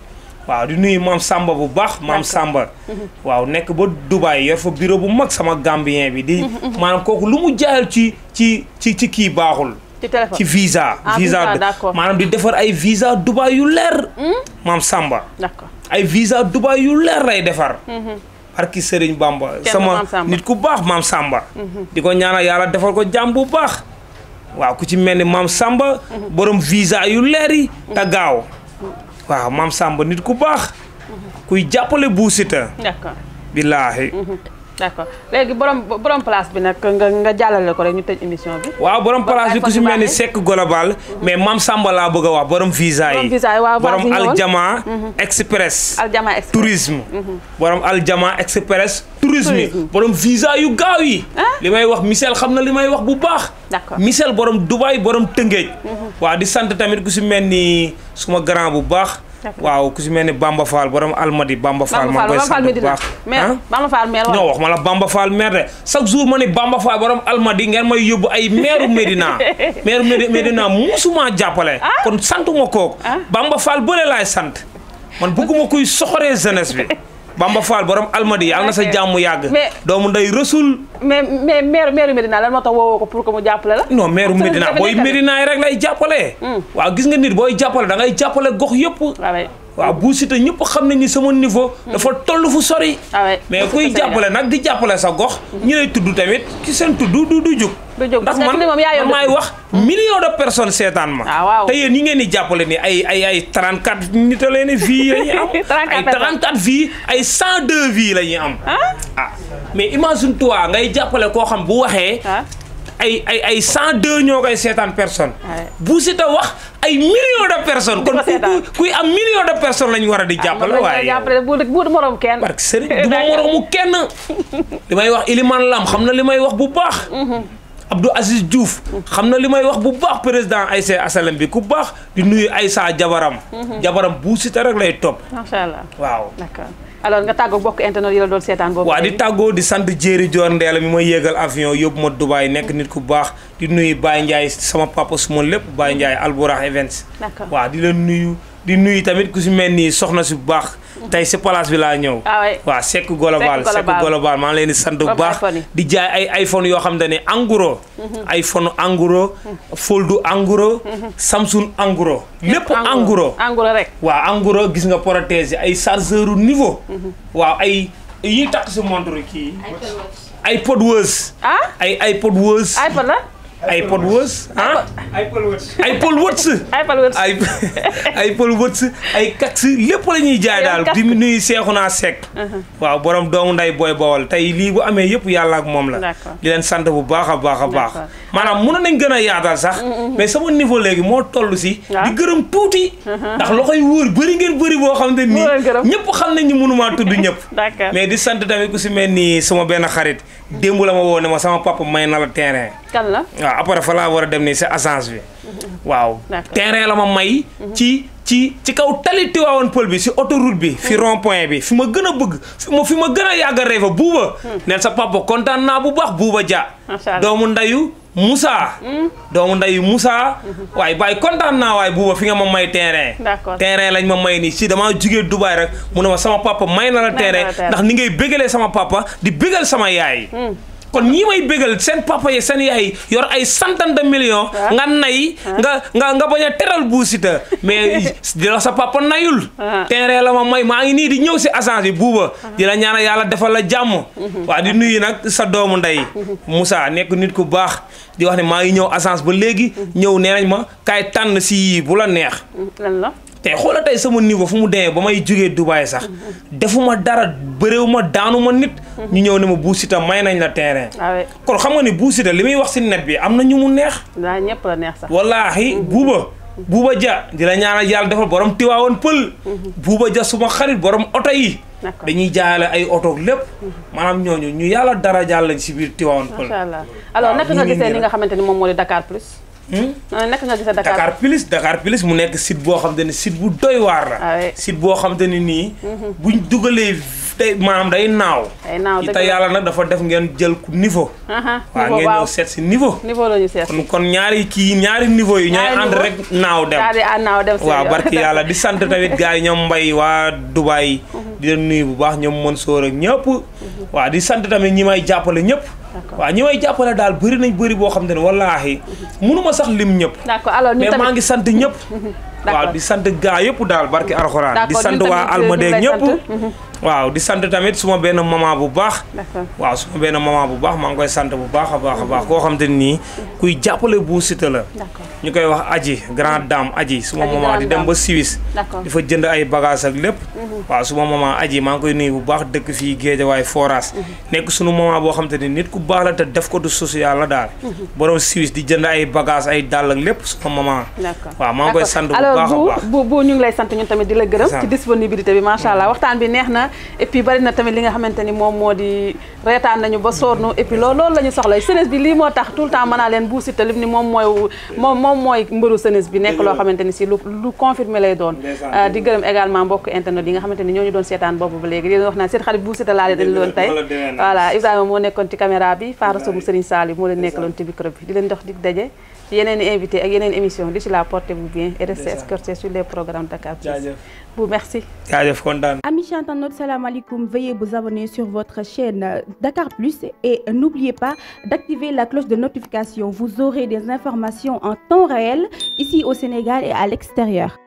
S3: waaw di nuyu maam Samba bu baax. maam Samba. Hmm. waaw nekk ba Dubaay yor fa bureau bu mag sama Gambien bi di. Hmm, maanaam kooku lu mu jaayal ci ci ci ci kii baaxul.
S1: ci téléphone ci visa. Ah, visa
S3: d'accord di defar ay visa Dubaay yu leer. maam Samba. d'accord ay visa Dubaay yu leer lay defar. barki Serigne Bamba. sama nit ku baax maam Samba. di ko ñaanal yàlla defal ko jàmm bu baax. waaw ku ci mel ni maam Samba. borom visa yu leer yi. gaaw waaw maam sàmba nit ku baax. kuy jàppale Bou Siteu. d'accord billaahi.
S1: Mhm. d'accord léegi borom borom place bi nag nga nga jàllale ko rek ñu tëj émission bi. waaw
S3: borom place bi ku si mel ni Seck Global. mais Mam Samba laa bëgg a wax borom visa yi. borom visa mhm. Express.
S1: Aljama Express
S3: mhm. visa yu gaaw yi. li may wax Michel xam na li may wax bu baax. d'accord Michel borom Dubaï borom Tëngéej. Mhm. waaw di sant tamit ku si mel ni suma grand bu baax. waaw ku si mel ni Bamba Fall borom almadi Bamba Fall ma koy sant bu baax
S1: Bamba Fall wax
S3: ma la Bamba Fall maire de chaque jour ma ne Bamba Fall borom almadi ngeen may yóbbu ay maire Médina maire Médina musuma jàppale ah? kon santuma ma kooku ah? Bamba Fall bële laay sant man bëgguma kuy soxoree jeunesse bi Bamba Fall borom almadi yàlla na sa jàmm yàgg. doomu nday rësul.
S1: mais mais maire maire Medina lan moo tax woo ko pour que mu jàppale la. non maire Medina booy Medina
S3: yi rek lay jàppale. Hmm. waaw gis nga nit booy jàppale da ngay jàppale gox yëpp. waaw bu Siteu ñëpp xam nañ ni sama niveau. Hmm. dafa toll fu sori. Ah mais kuy jàppale nag di jàppale sa gox. Hmm. ñu lay tudd tamit ci seen tudd du du
S1: jug. parce que man maay wax
S3: millions de personnes seetaan ma ah, te yéen ñi ngeen di jàppale ni ay ay ay 34 nit a leen vie la ñuy am ay 34 vie ay 102 vie la am ah? ah mais imagine toi ngay jàppale koo xam bu waxee ah? ay ay ay 102 ñoo koy seetaan personne bu si ta wax ay millions de personnes kon kuy am millions de personnes lañu war a di jàppale
S1: waaye bu morom kenn parce que sëriñ kenn
S3: li may wax iliman lam xam na li may wax bu baax mhm. Abdou Aziz Diouf xam na li may wax bu baax président Aïssa Asalem bi ku baax di nuyu Aïssa jabaram
S1: mhm. jabaram
S3: bu sita rek lay topp
S1: macha allah waaw d'accord alors nga tàggoo bokk internet yi la doon seetaan boobu waa di
S3: tàggoo di sant jéeri joor ndeela mi ma yéegal avion yóbbu ma Dubaay nekk nit ku baax di nuyu Baye Ndiaye sama papa suma lépp Baye Ndiaye Alburax Events d'accord waaw di leen nuyu di nuyu tamit ku si mel nii soxna si bu baax. tey si palaas bi laa ñëw. Ah waaw Seck Global Seck Global maa ngi leen di sant bu baax. di jaay ay iPhone yoo xam ne anguro. Mhm. iPhone anguro. Foldu anguro. Mhm. Samsung anguro. lépp anguro anguro rek. waa anguro gis nga protège ay chargeur niveau. Mhm. waa ay yiy takk si montre kii. Ah? ay Pod ay ay Pod iPod la. ay Paul Wurtz ah ay Paul Wurtz ay Paul Wurtz ay ay Paul ay kaks lépp la ñuy jaay daal di nuyu naa Seck uh-huh. waaw borom doomu nday booy bawal tey lii bu amee yëpp yàlla ak moom la di leen sant bu baax a baax a baax maanaam mun na nañ gën a yaatal sax mm, mm, mm. mais sama niveau léegi moo toll si
S2: di gërëm tuuti uh-huh. ndax loxo yu
S3: wóor bëri ngeen bëri boo xam ne nii ñëpp xam nañ ñu mënumaa tudd ñëpp mais di sant tamit ku si mel ni sama benn xarit démb la ma woo ne ma sama papa may na terrain kan la waaw ah, après fa laa war a dem ni sa agence bi. waaw
S1: terrain la ma may.
S3: ci ci ci kaw tali Tivaouane Peulh bi si autoroute bi. fi mm-hmm. rond point bi fi ma gën a bëgg fi ma fi ma gën a yàgg a fa buuba. Mm. neel sa papa kontaan naa bu baax buuba ja doomu ndayu musaa mm. doomu ndayu musaa mm-hmm. waaye baay kontaan naa waaye buuba fi nga ma may terrain. terrain lañ ma may nii si damaa jugee Dubaay rek mun ne ma sama papa may na la terrain ndax ni ngay béggalee sama papa di bégal sama yaay. Mm. kon ñi may bégal seen papa yi seen yaay yor ay centaine de millions. Ah. nga nay ah. nga nga nga bañ a teral Bou Siteu mais di la sa papa nayul. Ah. terrain la ma may maa ngi nii di ñëw si agence bi buuba. di la ñaanal yàlla defal la jàmm. Mhm. waa di nuyu nag sa doomu ndey. musaa mhm. nekk nit ku baax di wax ne maa ngi ñëw agence ba léegi. Mhm. ñëw nee nañ ma kaay tànn si bu la neex. la. te xoola tey sama niveau fu mu demee ba may jógee Dubaay sax defuma dara bëréew ma daanu ma nit ñu ñëw ne ma Bou Siteu may nañ la terrain ah kon xam nga ni Bou Siteu li muy wax si net bi am na ñu mu neex
S1: ñëpp la neex sax
S3: wallaahi buuba buuba ja di ñaar ñaanal yàlla defal borom tiwaawoon pël buuba ja suma xarit borom oto yi dañuy jaayale ay oto lépp maanaam ñooñu ñu yàlla dara jaal lañ si biir tiwaawoon pël
S1: macha allah alors naka nga gisee li nga xamante ni moom moo di Hmm? Ah, naka nga gisee Dakar Dakar
S3: Plus Dakar mu nekk site boo xam te ne site bu doy waar la. Ah, site boo xam te ne nii. Hmm. buñ dugalee tey maam day naaw.
S1: day naaw te yàlla
S3: nag dafa def ngeen jël niveau.
S1: waaw ngeen ñëw seet si niveau. niveau seet kon
S3: kon ñaari kii ñaari niveau yi. ñooy ànd rek naaw dem
S1: naaw dem waaw barki yàlla
S3: di sant tamit gaa yi ñoom mbay waa Dubaay. Hmm. di leen nuyu bu baax ñoom soo ak ñëpp. waaw di sant tamit ñi may jàppale ñëpp. waaw ñi may jàppale daal bëri nañ bëri boo xam te ne wallaahi mënuma sax lim ñëpp.
S1: d'accord alors ñu tamit mais maa ngi sant ñëpp. waaw di
S3: sant gaa yëpp daal barki alxuraan. di sant waa euh, almadee ñëpp waaw di sant tamit suma benn maman bu baax. waaw suma benn maman bu baax maa ngi koy sant bu baax a baax a baax koo xam te nii kuy jàppale Bou Siteu la. ñu koy wax aji grand dame aji suma maman di dem ba Suisse. di fa jënd ay bagages ak lépp. Mhm. waaw suma maman aji maa ngi koy nuyu bu baax dëkk fii waaye forage mhm. nekk sunu maman boo xam te ni nit ku baax la te def ko du social la daal. Mhm. borom Suisse di jënd ay bagages ay dàll ak lépp suma maman.
S1: waaw maa ngi koy sant bu baax a baax alors bu bu ñu ngi lay sant ñun tamit di la gërëm. ci disponibilité bi macha allah bi neex na et puis bari tamit li nga xamante ni moom moo di reetaan nañu ba sonn et puis loolu loolu la ñu soxla jeunesse bi lii moo tax tout le temps mën naa leen buusi te lim ni moom mooy mbëru jeunesse bi nekk loo xamante ni si lu lu confirmé lay doon euh, di gërëm également mbokk internet yi nga xamante ni ñooñu doon seetaan boobu ba léegi di wax naan seen xarit buusi laa leen loon tey voilà Ibrahima moo nekkoon ci caméra bi Faara Sow Serigne Saliou moo leen nekkaloon ci micro ci yeneen invité ak yeneen émission di ci la portez-vous bien et restez escortés sur les programmes Dakar Plus. jaajëf merci.
S3: jaajëf kontaan.
S1: amis salaamaaleykum veuillez vous abonner sur votre chaîne Dakar Plus et n'oubliez pas d'activer la cloche de notification vous aurez des informations en temps réel ici au Sénégal et à l'extérieur.